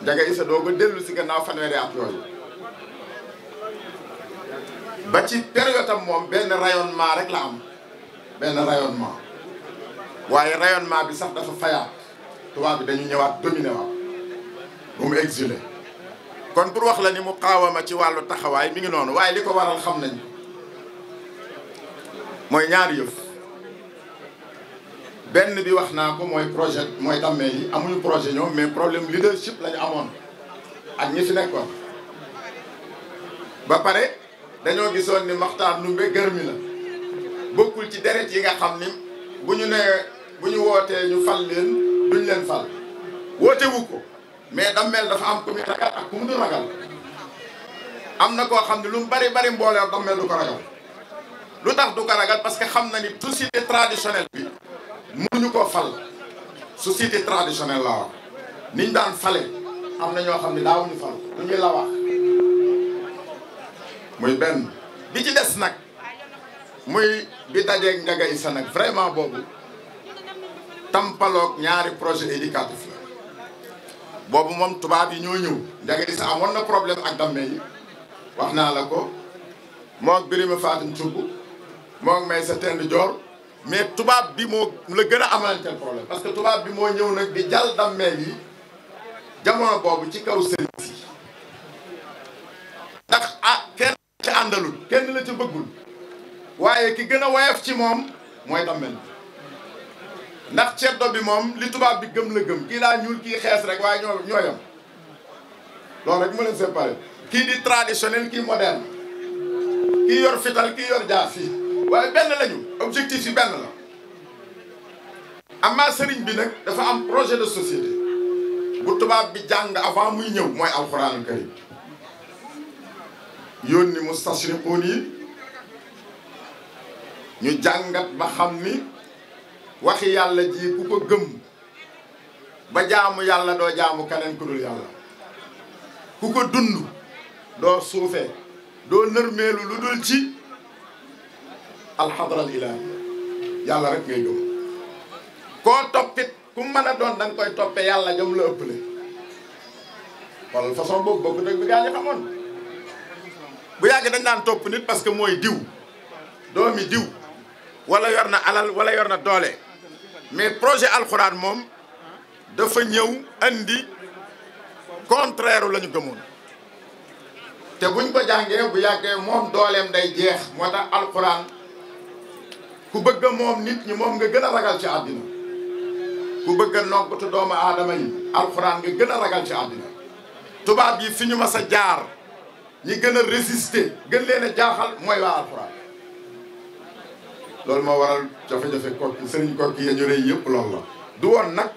njaga isa doo ba dellu si gannaaw fanweeri at yooyu ba ci période am moom benn rayonnement rek la am benn rayonnement waaye rayonnement bi sax dafa fayaat tubaab bi dañu ñëwaat dominé waat bu mu exilé kon pour wax la ni mu ma ci wàllu taxawaay mi ngi noonu waaye li ko waral xam nañ mooy ñaari yëf benn bi wax naa ko mooy projet mooy tàmmee yi amuñu projet ñoom mais problème leadership la ñu amoon ak ñi fi nekkoon ba pare dañoo gisoon ni Makhtar Ndoumbe gërmi la bokkul ci deret yi nga xam ni bu ñu nee bu ñu wootee ñu fal leen duñ leen fal woote wu ko mais dammel dafa am ku muy ragal am na koo xam ne lu mu bari bari mbooleer dammel du ko ragal lu tax du ko ragal parce que xam na ni société traditionnelle bi mënuñu koo fal société traditionnelle la wax niñ daan fale am na ñoo xam ne daawuñu fal lu ñuy la wax muy benn bi ci des nag muy bi dajee Ndiaga Issa nag vraiment boobu tampaloog ñaari projet éducatif la boobu moom tubaab yi ñoo ñëw Ndiaga Issa amoon na problème ak damme yi wax naa la ko moog Birima Fatim Thioub moog may sa tend joor mais tubaab bi moo la gën a amalanteel problème parce que tubaab bi moo ñëw nag bi jàll dammee yi jamono boobu ci kaw sëriñ si ndax ah kenn ci àndalu kenn la ci bëggul waaye ki gën a woyof ci moom mooy dammel ndax ceddo bi moom li tubaab bi gëm na gëm kii daa ñuul kii xees rek waaye ñoo ñoo yam loolu rek mu leen séparé kii di traditionnel kii moderne kii yor fital kii yor jaas yi waaye benn lañu objectif yi benn la am amaa sëriñ bi nag dafa am projet de société bu tubaab bi jàng avant muy ñëw mooy alxuraanul karim yónni mustashrixuun yi ñu jàngat ba xam ni waxi yàlla ji ku ko gëm ba jaamu yàlla doo jaamu keneen ku dul yàlla ku ko dund doo suufee doo nërmeelu lu dul ci alxadral ilaahi yàlla rek ngay gëm koo toppit ku mën a doon da koy toppee yàlla jom la ëppale wala façon boobu bokk dëgg bi gaa xamoon bu yàgg dañ daan topp nit parce que mooy diw doomi diw wala yor na alal wala yor na doole mais projet alxuraan moom dafa ñëw andi contraire lañu ñu gëmoon te buñ ko jàngee bu yàggee moom dooleem day jeex moo tax alxuraan ku bëgg a moom nit ñi moom nga gën a ragal ci àddina ku bëgg a doomu aadama yi alxuraan nga gën a ragal ci àddina tubaab yi fi ñu mas a jaar ñi gën a résister gën leen a jaaxal mooy waa alxuraan loolu moo waral jafe-jafe Koki sëriñ Koki ya ñu rëy yëpp loolu la du woon nag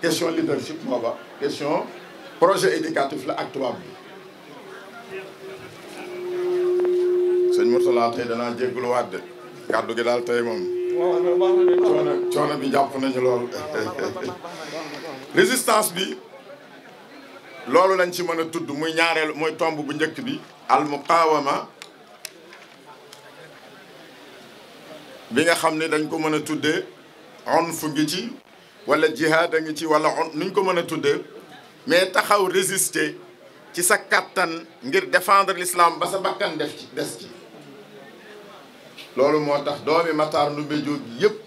question leadership moo ba question projet éducatif la ak tubaab bi sëñ Mourtala tey danaa jégguluwaat de kàddu gi daal tey moom coono coono bi jàpp nañu lool résistance bi loolu lañ ci mën a tudd muy ñaareelu mooy tomb bu njëkk bi al muqaawama bi nga xam ne dañ ko mën a tuddee onf ngi ci wala jihaad a ngi ci wala on nuñ ko mën a tuddee mais taxaw résister ci sa kàttan ngir defendre l'islam ba sa bakkan def ci des ci loolu moo tax doomi Matar Ndoumbe Diop yëpp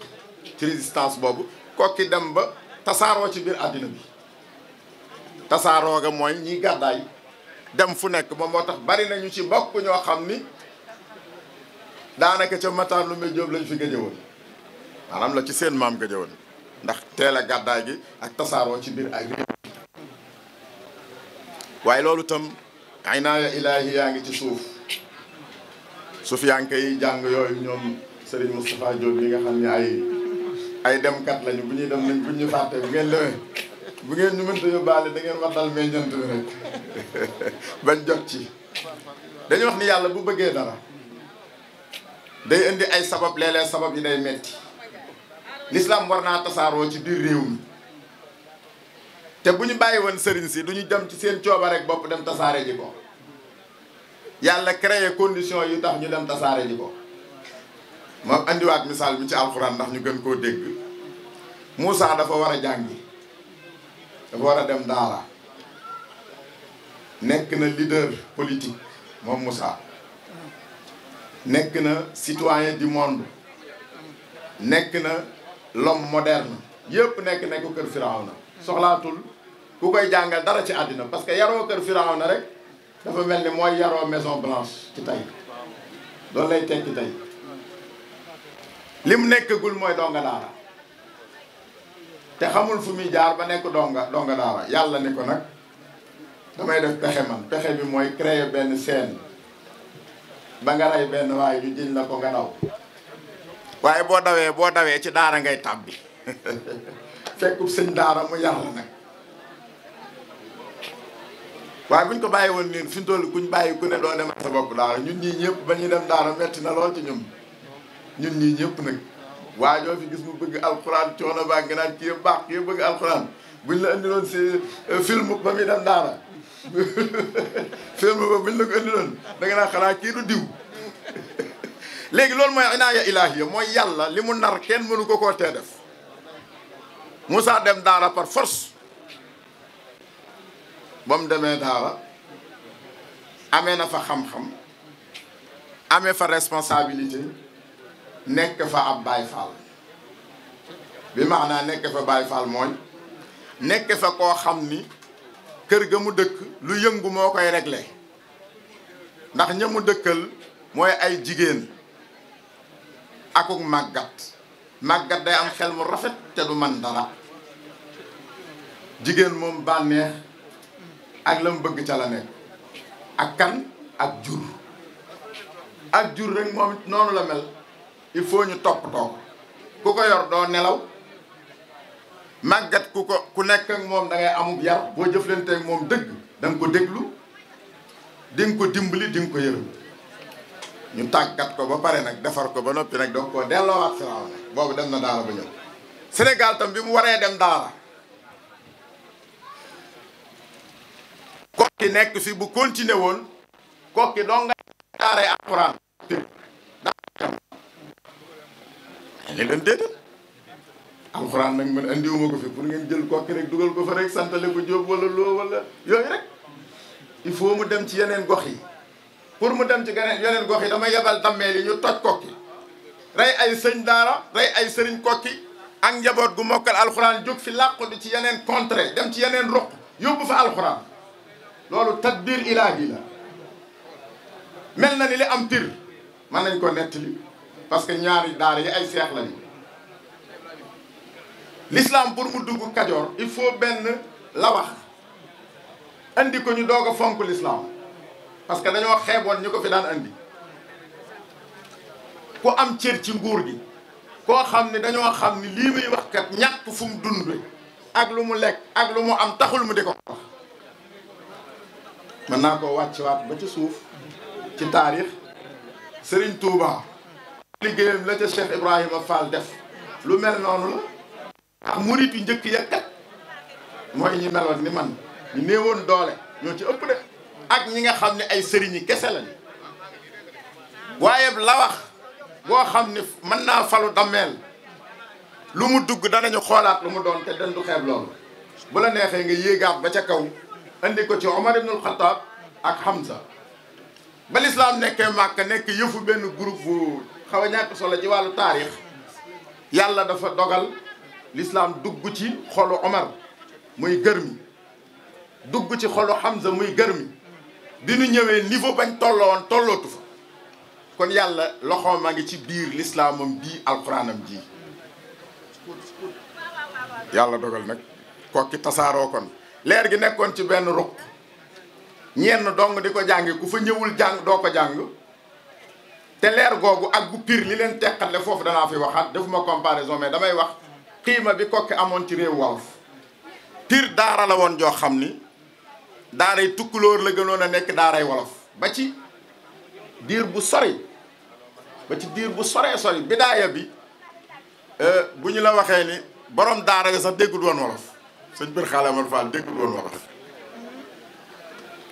ci résistance boobu kokki dem ba tasaaroo ci biir àddina bi tasaaroo ga mooy ñiy gàddaay dem fu nekk moom moo tax bari nañu ci bokk ñoo xam ni daanaka ca Matar Lumbe Jóob lañ fi gëjëwoon maanaam la ci seen maam ndax teel a gàddaay gi ak tasaaroo ci biir ay waaye loolu itam inaaya ilaahi yaa ngi ci suuf suuf yaa ngi koy jàng yooyu ñoom Serigne Moustapha Diop yi nga xam ne ay ay demkat lañu bu ñuy dem bu ñu fàtte bu ngeen demee bu ngeen ñu mënta yóbbaale da ngeen war dal meññant bi rek bañ jot ci dañu wax ni yàlla bu bëggee dara day indi ay sabab léeg-léeg sabab yi day metti l'islam war naa tasaaroo ci biir réew mi te bu ñu bàyyi woon sëriñ si duñu ñu ci seen cooba rek bopp dem tasaare ji ko yàlla créé condition yu tax ñu dem tasaare ji ko moom indiwaat misaal mi ci alxuraan ndax ñu gën koo dégg Moussa dafa war a jàngi war a dem daara nekk na leader politique moom Moussa nekk na citoyen du monde nekk na l'homme moderne yëpp nekk nekk kër Firawna soxlaatul ku koy jàngal dara ci àddina parce que yaroo kër Firawna rek dafa mel ni mooy yaroo Maison Blanche ci tey loolu lay tekki tey lim nekkagul mooy donga daara te xamul fu muy jaar ba nekk donga donga daara yàlla ni ko nag damay def pexe man pexe bi mooy créer benn seen ba nga rey benn waaye ñu jiñ la ko nga daw waaye boo dawee boo dawee ci daara ngay tàbbi fekkub sëñ daara mu yar la nag waaye buñ ko bàyyi woon niin fi ñu toll kuñ bàyyi ku ne doo demal sa bopp daara ñun ñii ñëpp ba ñuy dem daara metti na lool ci ñun ñun ñii ñëpp nag waajoo fi gis mu bëgg alxuraan coono baa ngi naan kii baax kii bëgg alxuraan buñ la indiloon si euh, film ba muy dem daara film ba buñ la ko indiloon da nga xanaa kii du diw léegi loolu mooy inaaya ilaahiya mooy yàlla li mu nar kenn mënu ko koo tee def Moussa dem daara par force ba mu demee daara amee na fa xam-xam amee fa responsabilité nekk fa ab baay faal bi maanaa nekk fa baay faal mooy nekk fa koo xam ni kër ga mu dëkk lu yëngu moo koy régler ndax ña mu dëkkal mooy ay jigéen akuk màggat màggat day am xel mu rafet te du man dara jigéen moom bànneex ak la mu bëgg ca la nekk ak kan ak jur ak jur rek moom noonu la mel il faut ñu toppatoo ku ko yor doo nelaw màggat ku ko ku nekk ak moom dangay ngay amub yar boo jëflanteeg moom dëgg da ko déglu di ko dimbali di nga ko yërëm ñu tàggat ko ba pare nag defar ko ba noppi nag doo ko delloowaat Firawna nag boobu dem na daara ba ñëw Sénégal tam bi mu waree dem daara kokki nekk fi bu continuer woon kokki doo nga daaree alxuraan leen leen déedéet alxuraan nag man andiwuma ko fi pour ngeen jël kokki rek dugal ko fa rek santale ko jóob wala loo walla yooyu rek il faut mu dem ci yeneen gox yi pour mu dem ci geneen yeneen gox yi dama yebal dammeel yi ñu toj kokki rey ay sëñ daara rey ay sëriñ kokki ak njaboot gu mokkal alxuraan jóg fi làqudi ci yeneen contrée dem ci yeneen ruq yóbbu fa alxuraan loolu tadbir ilaahi la mel na ni li am tir mën nañ ko nettali parce que ñaari daar yi ay seex lañu l'islam pour mu dugg kajoor il faut benn la wax andi ko ñu doog a fonk l'islam parce que dañoo xeeboon ñu ko fi daan indi ku am cër ci nguur gi koo xam ne dañoo xam ni lii muy wax kat ñàkk fu mu dund ak lu mu lekk ak lu mu am taxul mu di ko wax mën naa koo wàcc waat ba ci suuf ci taarix Serigne Touba. liggéeyam la ca Cheikh Ibrahima Fall def lu mel noonu la ak murit njëkk ya kat mooy ñi meloon ni man ñu néewoon doole ñoo ci ëpp de ak ñi nga xam ne ay sëriñi kese lañu waaye la wax boo xam ne mën naa falu dammeel lu mu dugg danañu xoolaat lu mu doon te den du xeeb loolu bu la neexee nga yéegaat ba ca kaw indi ko ci Omar ibnul Xataab ak Hamza ba lislaam nekkee Màkka nekk yëfu benn groupe bu xaw a ñàkk solo ci wàllu taarix yàlla dafa dogal lislaam dugg ci xolu Omar muy gërmi dugg ci xolu Hamza muy gërmi bi nu ñëwee niveau bañ tolloon tollootu fa kon yàlla loxoom a ngi ci biir lislaamam bii alxuraanam ji yàlla dogal nag kokki tasaaroo kon leer gi nekkoon ci benn ruq ñenn dong di ko jàngi ku fa ñëwul jàng doo ko jàng te leer googu ak bu piir li leen teqale foofu danaa fi waxaat defuma comparaison mais damay wax xiima bi kokki amoon ci réew wolof piir daara la woon joo xam ni daaray tukkulóor la gënoon a nekk daaray wolof ba ci diir bu sori ba ci diir bu soree sori bidaaya bi euh, bu ñu la waxee ni boroom daara ga sax déggul woon wolof sëñ biir xaalamal Fall déggul woon wolof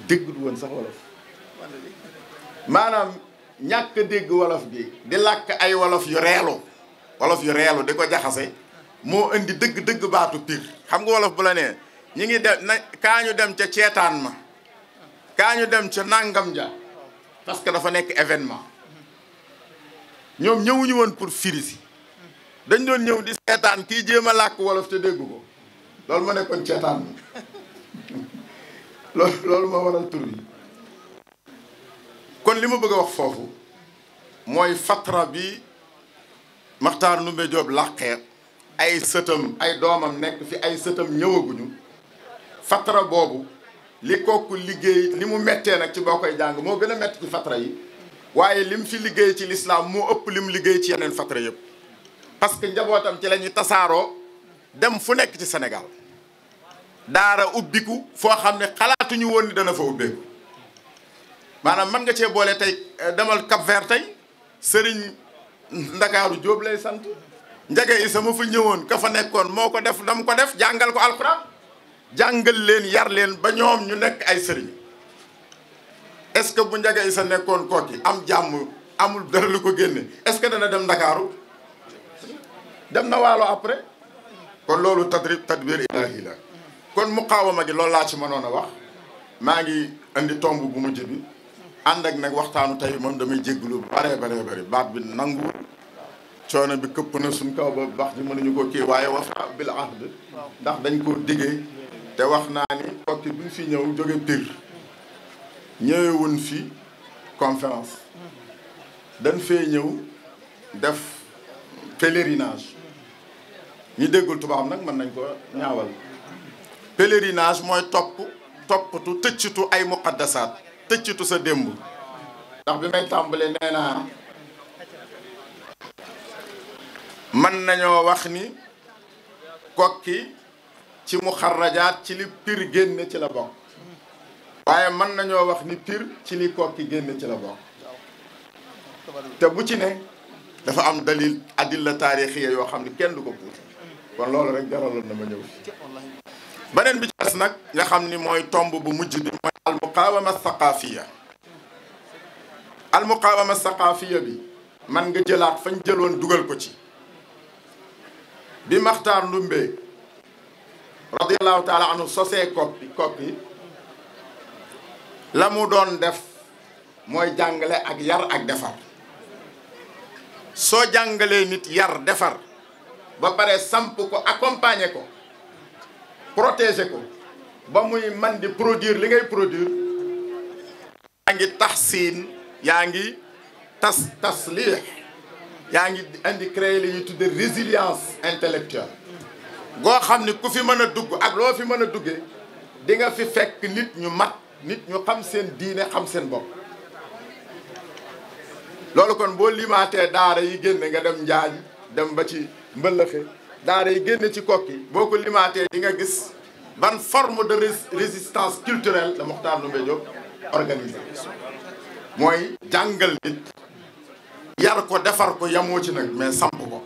déggul woon sax wolof maanaam ñàkk dégg wolof bi di làkk ay wolof yu reelu wolof yu reelu di ko jaxase moo indi dëgg-dëgg baatu piir xam nga wolof bu la nee ñi ngi dem na kaa ñu dem ca ceetaan ma kaa ñu dem ca nàngam ja parce que dafa nekk événement ñoom ñëwuñu woon pour firi dañ doon ñëw di seetaan kii jéem a làkk wolof ca dégg ko loolu ma nekkoon ceetaan ma loolu loolu ma waral tur bi kon li ma bëgg a wax foofu mooy fatra bi Makhtar Ndoumbe Diop làqee ay sëtam ay doomam nekk fi ay sëtam ñëwaguñu fatra boobu li kooku liggéey li mu méttee nag ci boo koy jàng moo gën a métti ci fatra yi waaye mu fi liggéey ci lislaam moo ëpp li lim liggéey ci yeneen fatra yëpp parce que njabootam ci lañuy tasaaroo dem fu nekk ci senegal daara ubbiku foo xam ne xalaatuñu woon ni dana fa ubbeeku maanaam man nga cee boole tey euh, demal kap Vert tey Serigne Ndakaaru Jóob lay sant njage yi sama fa ñëwoon ka fa nekkoon moo ko def dam ko def jàngal ko alxuraan jàngal leen yar leen ba ñoom ñu nekk ay sëriñ est-ce que bu njage yi sa nekkoon kooki am jàmm amul dara lu ko génne est-ce que dana dem Ndakaaru dem na waalo après kon loolu tadrib tadbir ilahi la kon muqaawama gi loolu laa ci mënoon a wax maa ngi indi tomb bu mujj bi ànd ak nag waxtaanu tey moom damay jégalu bu bare bare bëri baat bi nangu coono bi këpp na suñ kaw ba bax ji nañu ko kii waaye wafa bil ahd ndax dañ koo diggee te wax naa ni kokki bi fi ñëw jóge Pire ñëwee woon fi conférence dañ fee ñëw def pèlerinage ñi déggul tubaab nag mën nañ ko ñaawal pèlerinage mooy topp toppatu tëccatu ay muqaddasaat tëcctu sa démb ndax bi may tàmbale nee naa mën nañoo wax ni kokki ci mu xarrajaat ci li pir génne ci la bokk waaye mën nañoo wax ni piir ci li kokki génne ci la bokk te bu ci ne dafa am dalil adilla taarixiya yoo xam ne kenn du ko puuti kon loolu rek jaraloon na ma ñëw beneen bi ci des nag nga xam ni mooy tomb bu mujj bi mooy almuqaawama saqaafiya almuqaawama saqaafiya bi man nga jëlaat fañ jëloon dugal ko ci bi Maxtaar Ndumbe radiallahu taala anhu sosee koppi koppi la mu doon def mooy jàngale ak yar ak defar soo jàngalee nit yar defar ba pare samp ko accompagner ko protéger ko ba muy man di produire li ngay produire yaa ngi taxsiin yaa ngi tas taslix yaa ngi indi créer li ñuy tudde résilience intellectuelle goo xam ni ku fi mën a dugg ak loo fi mën a duggee di nga fi fekk nit ñu mat nit ñu xam seen diine xam seen bopp loolu kon boo limaatee daara yi génn nga dem njaañ dem ba ci mbëllëxe daara yi génn ci kokki boo ko limaatee di nga gis ban forme de résistance culturelle la Mokhtar Ndoumbe Diop organisé mooy jàngal nit yar ko defar ko yamoo ci nag mais samp ko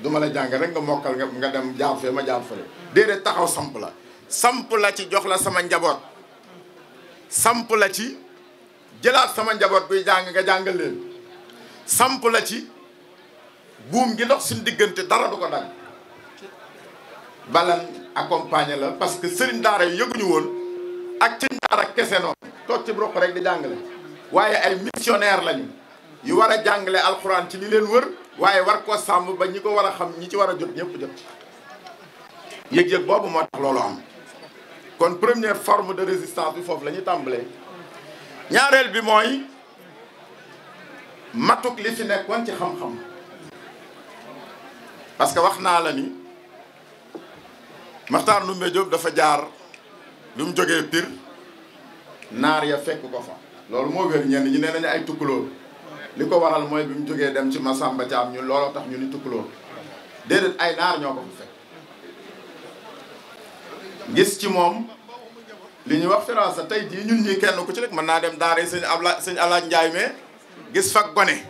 duma la jàng rek nga mokkal nga nga dem jaar fee ma jaar fee déedéet taxaw samp la samp la ci jox la sama njaboot samp la ci jëlaat sama njaboot buy jàng nga jàngal leen samp la ci buum gi ndox suñ diggante dara du ko dagg balan accompagner la parce que sëriñ daara yi yëguñu woon ak ci daara kese noonu toog ci broq rek di jàngale waaye ay missionnaire lañu yu war a jàngale alxuraan ci li leen wër waaye war koo sàmm ba ñi ko war a xam ñi ci war a jot ñëpp jot yëg-yëg boobu moo tax loolu am kon première forme de résistance bi foofu lañuy tàmbalee ñaareel bi mooy matuk li fi nekkoon ci xam-xam parce que wax naa la ni Makhtar Ndoumbe Diop dafa jaar lu mu jógee Pire naar ya fekk ko fa. loolu moo wér ñenn ñi ne nañu ay tukkulóor li ko waral mooy bi mu jógee dem ci Massamba ñu ñun looloo tax ñu ni tukkulóor déedéet ay naar ñoo ko fa fekk gis ci moom. li ñuy wax firasa tey jii ñu ñi kenn ku ci rek mën naa dem daara sëñ Abla sëñ Alaaj Njaay mais gis fag gone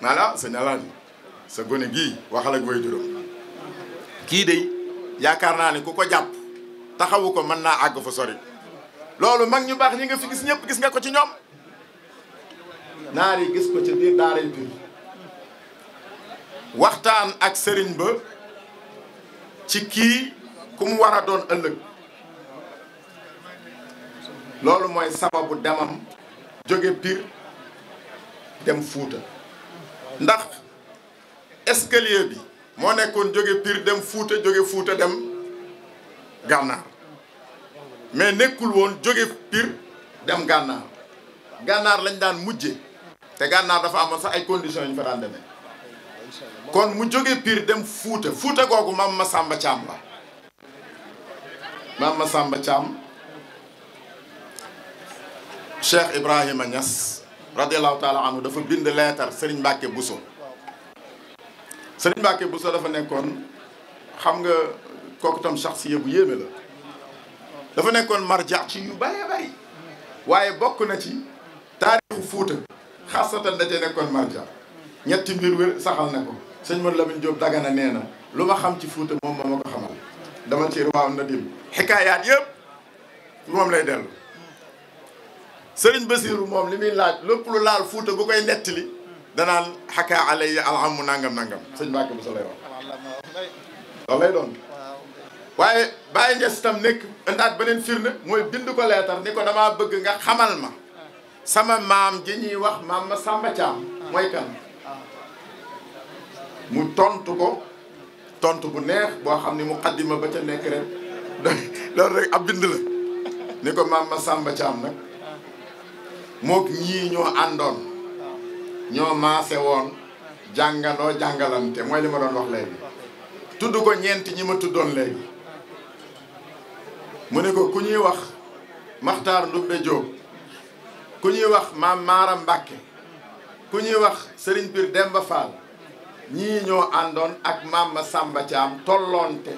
voilà sëñ Alaaj sa gone gii waxal ak way juróom kii de yaakaar naa ne ku ko jàpp taxawu ko mën naa àgg fa sori loolu mag ñu baax ñi nga fi gis ñépp gis nga ko ci ñoom naar yi gis ko ci biir daaray biir waxtaan ak sëriñ ba ci kii ku mu war a doon ëllëg loolu mooy sababu demam jóge Pire dem Fuuta ndax escalier bi moo nekkoon jóge piir dem Fuuta jóge Fuuta dem gànnaar mais nekkul woon jóge piir dem gànnaar gànnaar lañ daan mujje te gànnaar dafa amoon sax ay conditions yu ñu fa daan demee kon mu jóge piir dem Fuuta Fuuta googu maam Masamba Thiam la maam Masamba Thiam Cheikh Ibrahima Niass radiallahu taala anhu dafa bind leetar Serigne Mbacke Bousso Serigne Mbacke bu sa dafa nekkoon xam nga kooku tam si bu yéeme la dafa nekkoon marja ci yu bëree bëri waaye bokk na ci taarixu Fuuta xasatan da cee nekkoon marja ñetti mbir wér saxal na ko sëñ Modou Lamine Diop Dagana nee na lu ma xam ci Fuuta moom moo ma ko xamal dama ci waaw na dim xikaayaat yëpp moom lay dellu Serigne Bassirou moom li muy laaj lépp lu laal Fuuta bu koy li danaan xakkaa alay alhamu nangam nangam sëñ Mbàkke bu sa lay wax loolu lay doon waaye bàyyi nges tam nekk indaat beneen firnde mooy bind ko leetar ni ko damaa bëgg nga xamal ma sama maam ji ñuy wax maam ma Samba Thiam mooy kan mu tontu ko tontu bu neex boo xam ni mu xaddima ba ab bind la ni ko maam ma Samba Thiam nag mook ñii ñoo àndoon ñoo maase woon jàngaloo jàngalante mooy li ma doon wax léegi tudd ko ñeenti ñi ma tuddoon léegi mu ni ko ku ñuy wax Makhtar Ndoubé Diop ku ñuy wax Maam Maara Mbàkke ku ñuy wax sëriñ Pire Demba Fall ñii ñoo àndoon ak Maam Ma Samba Thiam tolloonte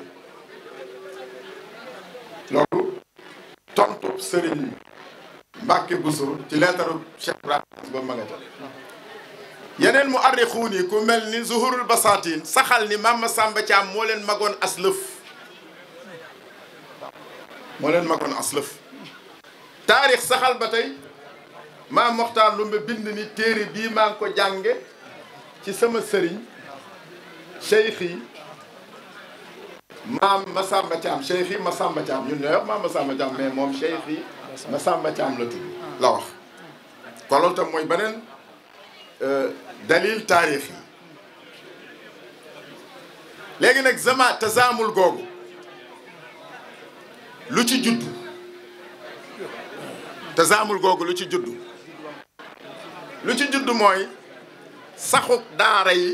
loolu tontu Serigne Mbàkke Bousso ci leetaru Cheikh Ibrahima ba ma nga yeneen mu arrixuun yi ku mel ni zuhurul basatin saxal ni Mame Samba Thiam moo leen magoon as moo magoon aslëf taarix saxal ba tey maam Moxtaar Lumbe bind ni téere bii maa ngi ko jànge ci sama sëriñ cheikh yi maam Masamba Thiam cheikh yi Masamba Thiam ñun ñoo wax maam Masamba Thiam mais moom cheikh yi Masamba Thiam la tudd la wax kon tam mooy beneen Euh, dalil taarix yi léegi nag zama tasaamul googu lu ci judd tasaamul googu lu ci juddu lu ci judd mooy saxuk daara yi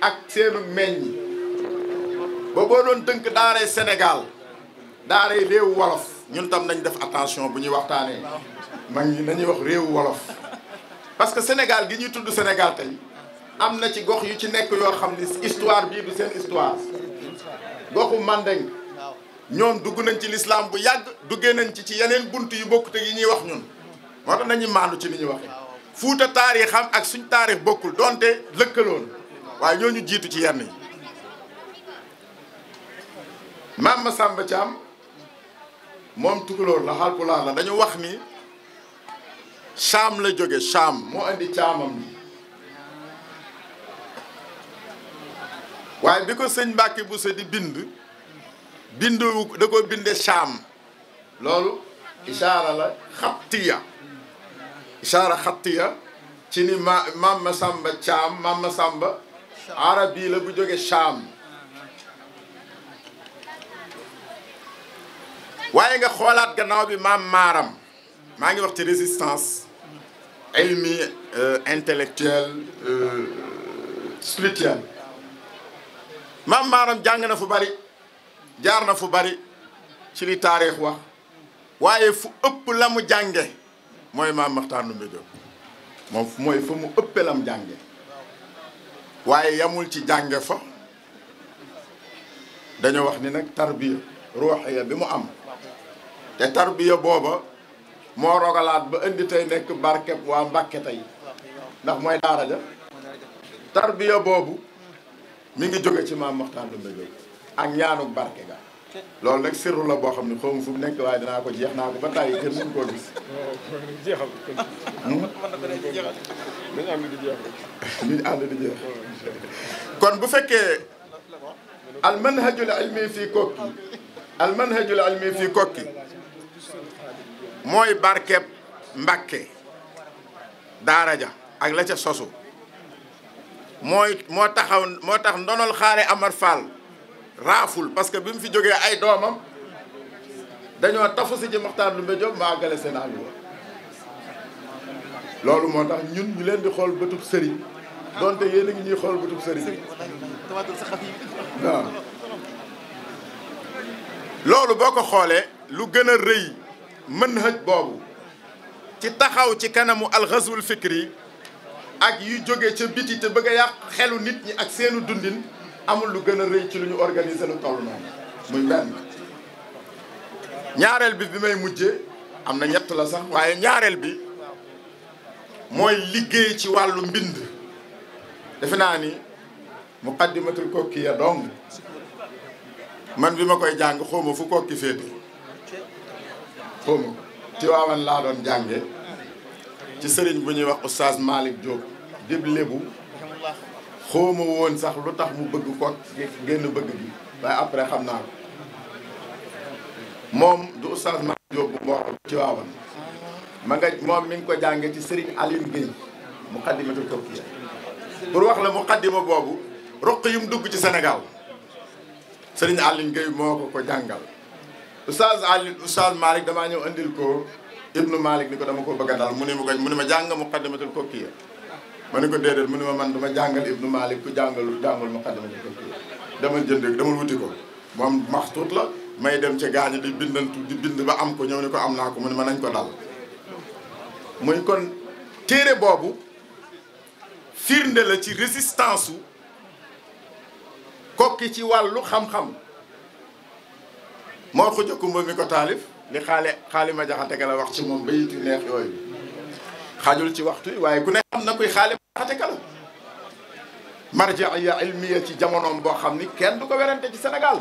ak seenu meññ ba boo doon tënk daaray Sénégal daaray réewu wolof ñun tam nañ def attention bu ñuy waxtaanee mag ñi nañuy wax réewu wolof parce que Sénégal gi ñuy tudd Sénégal tey am na ci gox yu ci nekk yoo xam ni histoire bii du seen histoire goxu Mandeng ñoom dugg nañ ci l'islam bu yàgg duggee nañ ci ci yeneen bunt yi bokkute yi ñuy wax ñun moo tax nañu maandu ci li ñuy waxee fuuta taarixam ak suñ taarix bokkul donte lëkkaloon waaye ñooñu jiitu ci yenn yi Maam Masamba am moom tukulóor la Haalpulaar la dañu wax ni saam la jóge saam moo andi caamam bi waaye bi ko sëñ Mbàkke Buso di bind bindu da ko binde saam loolu isaara la xattiya isaara xattiya ci ni maam ma sàmba caam maam ma sàmba arab yi la bu jóge saam waaye nga xoolaat gannaaw bi maam maaram maa ngi wax ci résistance ilmi euh, intellectuel euh, spirituel maam maaram jàng na fu bari jaar na fu bari ci li taarix wax waaye fu ëpp la mu jànge mooy maam Maxtaar Ndumbe Jóob moom mooy fa mu ëppe la jànge waaye yamul ci jànge fa dañoo wax ni nag tarbiya ruuxiya bi mu am te tarbiya booba moo rogalaat ba indi tey nekk barkeb waa Mbàkke tey ndax mooy daara ja tarbiya boobu mi ngi jóge ci maam Moxtaar Ndumbe Jóob ak ñaanuk barke ga loolu nag sirru la boo xam ne xaw ma fu mu nekk waaye danaa ko jeex naa ko ba tàyyi kenn mënu koo gis. jeexal hmm? nañu ànd di jeex kon bu fekkee al manhajul ilmi fii kokki al manhajul ilmi fii kokki mooy barkeb Mbàkke daara ja ak la ca sosu mooy moo taxaw moo tax ndonol xaare Amar Fall raaful parce que bi mu fi jógee ay doomam dañoo tafu si ci Maxtaar Ndumbe Jóob ma àggale seen àlluwa loolu moo tax ñun ñu leen di xool bëtub sëriñ donte yéen ngi ñuy xool bëtub sëriñ loolu boo ko xoolee lu gën a rëy mën manhaj boobu ci taxaw ci kanamu alxaswul fikri ak yu jóge ca biti te bëgg a yàq xelu nit ñi ak seenu dundin amul lu gën a rëy ci lu ñu organiser lu toll noonu muy benn ñaareel bi bi may mujjee am na ñett la sax waaye ñaareel bi mooy liggéey ci wàllu mbind defe naa ni muqaddimatul kokki ya dong man bi ma koy jàng xawma fu kokki féete xaw ma Tiwaawan laa doon jànge ci sëriñ bu ñuy wax oustaz Malick Diop dib lébu xaw woon sax lu tax mu bëgg ko génn bëgg bi waaye après xam naa ko moom du oustaz Malick Diop bu mboq Tiwaawan ma nga moom mi ngi ko jànge ci sëriñ Alioune Guèye muqaddimatul Tawfiya pour wax la muqaddima boobu roq yu dugg ci Sénégal sëriñ Alioune Guèye moo ko ko jàngal Oustaz Alioune Oustaz Malick damaa ñëw andil ko Ibnu Malick ni ko dama ko bëgg a dal mu ne ma mu ne ma jàng muqaddimatul kokkiya ma ne ko déedéet mu ne ma man dama jàngal Ibnu Malick ku jàngalul jàngal muqaddimatul kokkiya demal jënd demal wuti ko moom maxtuut la may dem ca gaañu di bindantu di bind ba am ko ñëw ni ko am naa ko mu ne ma nañ ko dal muy kon téere boobu firnde la ci résistance su kokki ci wàllu xam-xam moo xuj akumba mi ko taalif li xaale xaalima jaxate ka la wax ci moom bayit yu neex yooyu xajul ci waxtu yi waaye ku ne xam na kuy xaalima jaxate ka la marja'iya ilmiya ci jamonoom boo xam ni kenn du ko werante ci Sénégal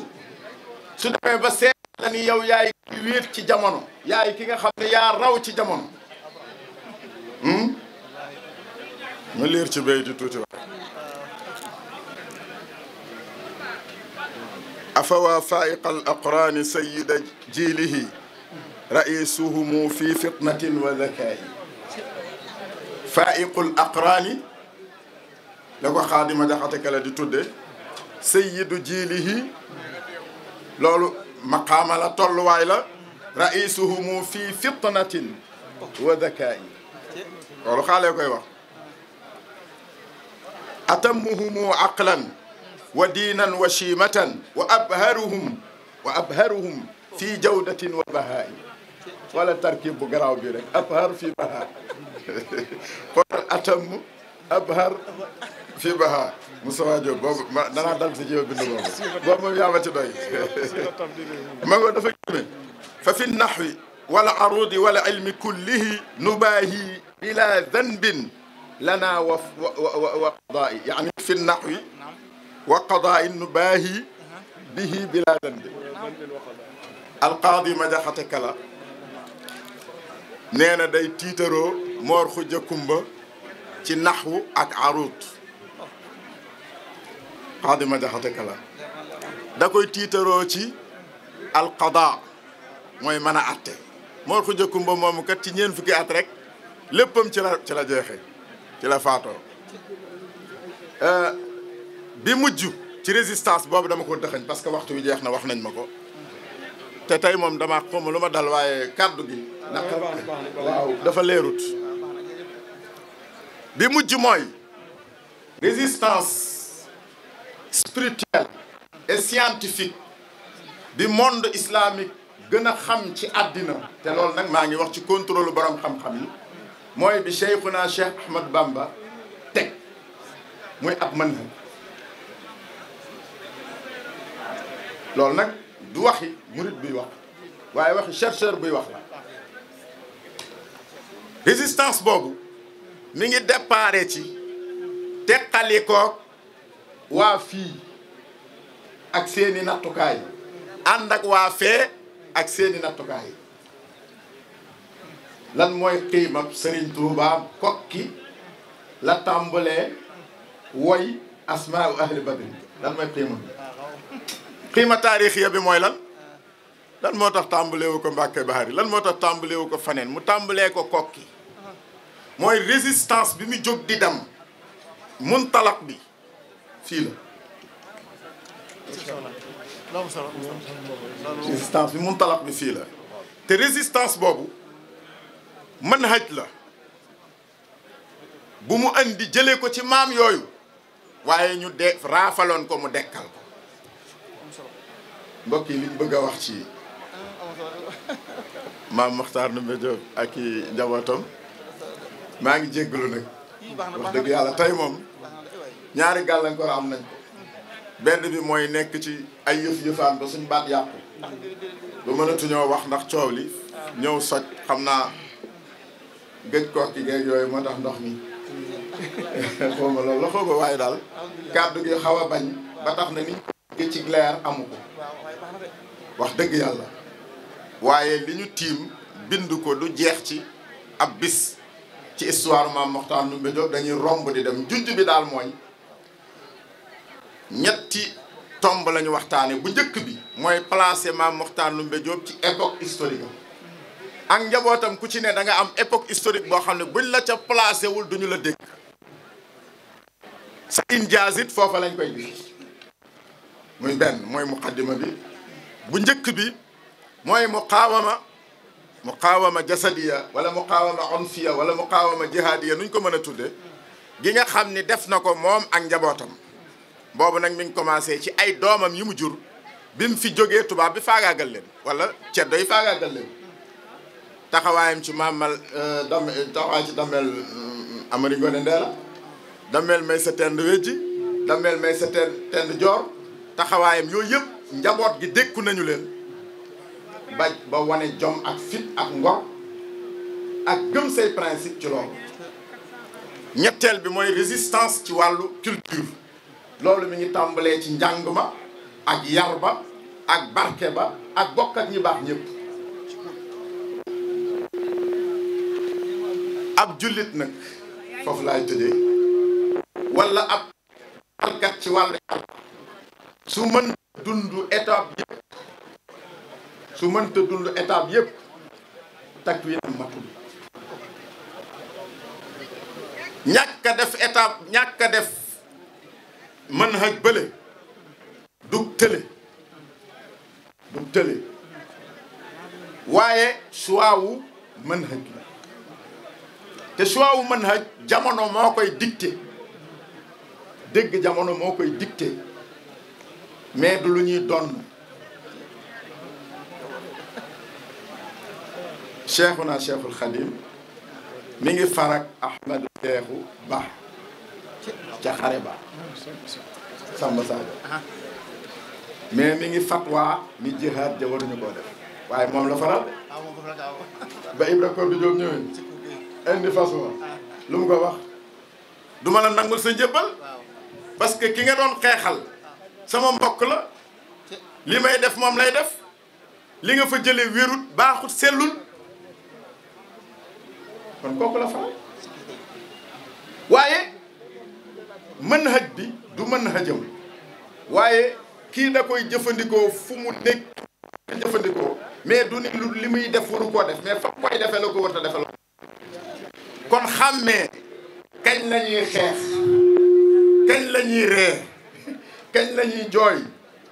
su demee ba seet ni yow yaay ki wéet ci jamono yaay ki nga xam ne yaa raw ci jamono hmm? ma leer ci bayit yi tuuti waay afawaa faayiqa al aqraani sayida jiilihi raisuhumu fi fitnatin wa zakaayi faayiqul aqraani la ko xaadima jaxate kala di tudde sayidu jiilihi loolu maqaama la tolluwaay la raisuhumu fi fitnatin wa zakaayi loolu xaalee koy wax atammuhumu aqlan wa diinan wa chiimatan wa abharuhum wa abharuhum fii jawdatin wa bahaai wala tarkib bu garaaw bi rek abhar fii bahaa kon atam abhar fii bahaa Moussa Diop boobu ma danaa dal si jiw bind boobu boobu moom yaa ma ci doy ma ngo dafa géme fa fi nahwi wal arudi wal ilmi kullihi nubaahi bila danbin lana wa wa wa qadaai yani fi nahwi wa qadaain nubaahi bihi bila dande alqaadi jaxate kala nee day tiitaroo moor xuja kumba ci naxwu ak aruut qaadi jaxate kala da koy tiitaroo ci alqadaa mooy mën a atte moor xuja kumba moomu kat ci ñeen fukki at rek léppam la ci la jeexe ci la faatoo euh, bi mujj ci résistance boobu dama ko dëxañ parce que waxtu wi jeex na wax nañ ma ko te tey moom dama xawma lu ma dal waaye kàddu gi ndax aw dafa leerut bi mujj mooy résistance spirituelle et scientifique bi monde islamique gën a xam ci àddina te loolu nag maa ngi wax ci contrôle borom xam-xam yi mooy bi Cheikhuna Cheikh Ahmad Bamba teg muy ab mën loolu nag du waxi murit buy wax waaye waxi chercheur buy wax la résistance boobu mi ngi déparé ci teqalikoog waa fii ak seeni nattukaay ànd ak waa fee ak seeni nattukaay lan mooy xiimab Serigne Touba kokki la tàmbalee woy asmaa ahli badri lan mooy xiimab xiima taarixiya bi mooy lan lan moo tax tàmbalewu ko Mbàkke Baari lan moo tax tàmbalewu ko faneen mu tàmbalee ko kokki mooy résistance bi mu jóg di dem muntalak bi fii la résistance bi muntalak bi fii la te résistance boobu mën manhaj la bu mu andi jëlee ko ci maam yooyu waaye ñu de raafaloon ko mu dekkal ko mbokk yi liñ bëgg a wax ci maam Makhtar Ndoumbé Diop ak i njabootam maa ngi jéggalu nag wax dëgg yàlla tey moom ñaari gàllankoor am nañ benn bi mooy nekk ci ay yëf yëfaan ba suñ baat yàqu ba mënatuñoo wax ndax coow li ñëw soj xam naa gëj kook ki géej yooyu moo tax ndox mi xawma loolu la xawma waaye daal kàddu gi xaw bañ ba tax na ni ci leer amu wax dëgg yàlla waaye li ñu tiim bind ko du jeex ci ab bis ci histoire maam Mokhtar Ndoumbé Diop dañuy romb di dem junj bi daal mooy ñetti tomb lañu waxtaane bu njëkk bi mooy placer maam Mokhtar Ndoumbé Diop ci époque historique ak njabootam ku ci ne da am époque historique boo xam ne buñ la ca placé wul duñu la dégg sa injaas it foofa lañ koy bi muy benn mooy muqaddima bi bu njëkk bi mooy muqaawama muqaawama jasadiya wala muqaawama onfiya wala mu muqaawama jihaadiya nuñ ko mën a tudde gi nga xam ni def na ko moom ak njabootam boobu nag mi ngi commencé ci ay doomam yi mu jur bi mu fi jógee tubaab bi faagaagal leen wala ceddo yi faagaagal taxawaayam ci maamal euh, dam taxawaay ci damel euh, amari ngone ndeela damel may sa tend wejji damel may sa tend joor taxawaayam yooyu yëpp njaboot gi dékku nañu leen ba ba wane jom ak fit ak ngor ak gëm say principe ci loolu ñetteel bi mooy résistance ci wàllu culture loolu mi ngi tàmbalee ci njàng ma ak yar ba ak barke ba ak bokk ak ñi baax ñëpp ab jullit nag foofu laay tëjee wala ab alkat ci wàllu su mënta dund étape yëpp su mënta dund étape yëpp takku yi matul ñàkk def étape ñàkk def mën haj bële dug tële dug tële waaye suwaawu mën haj la te suwaawu mën haj jamono moo koy dicté dégg jamono moo koy dicté mais du lu ñuy donn cheikhuna cheikhul xadim mi ngi farak ahmadu cheikhu ba ca xare ba samba sadio mais mi ngi fatwa ni jihaad ja waruñu koo def waaye moom la faral ah, ba ibra ko bi jóob ñëwee indi façon ah. lu mu ko wax duma la nangul sa njëbbal parce que ki nga doon xeexal sama mbokk la li may def moom lay def li nga fa jëlee wérut baaxut sellul kon kooku la fa waaye manhaj bi du mën manhajam waaye kii da koy jëfandikoo fu mu nekk jëfandikoo mais du ni lu li muy def waru koo def mais fa koy defee la ko war a defee la kon xàmmee kañ la ñuy kañ la ñuy kañ la ñuy jooy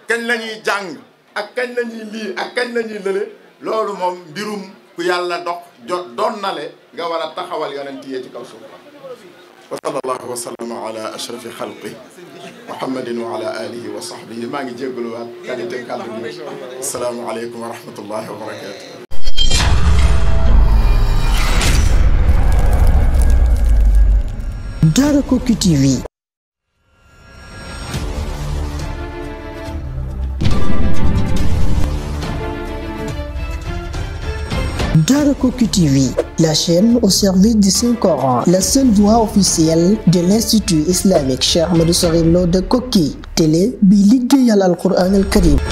kañ la ñuy jàng ak kañ la ñuy lii ak kañ la ñuy lële loolu moom mbirum ku yàlla dox jot doon nale nga war a taxawal yonent yee ci kaw suuf wa sallallahu wa sallama ala ashrafi xalqi muhammadin wa ala alihi wa sahbihi maa ngi jégaluwaat qualité kàddu bi asalaamu aleykum wa rahmatullahi wa barakatuh Daarakoki TV Daarakoki TV, la chaîne au service du Saint-Coran, la seule voix officielle de l'Institut islamique Cheikh Ahmadou Sorim Lo de Koki, télé bi liggéeyal Al Quran Al Karim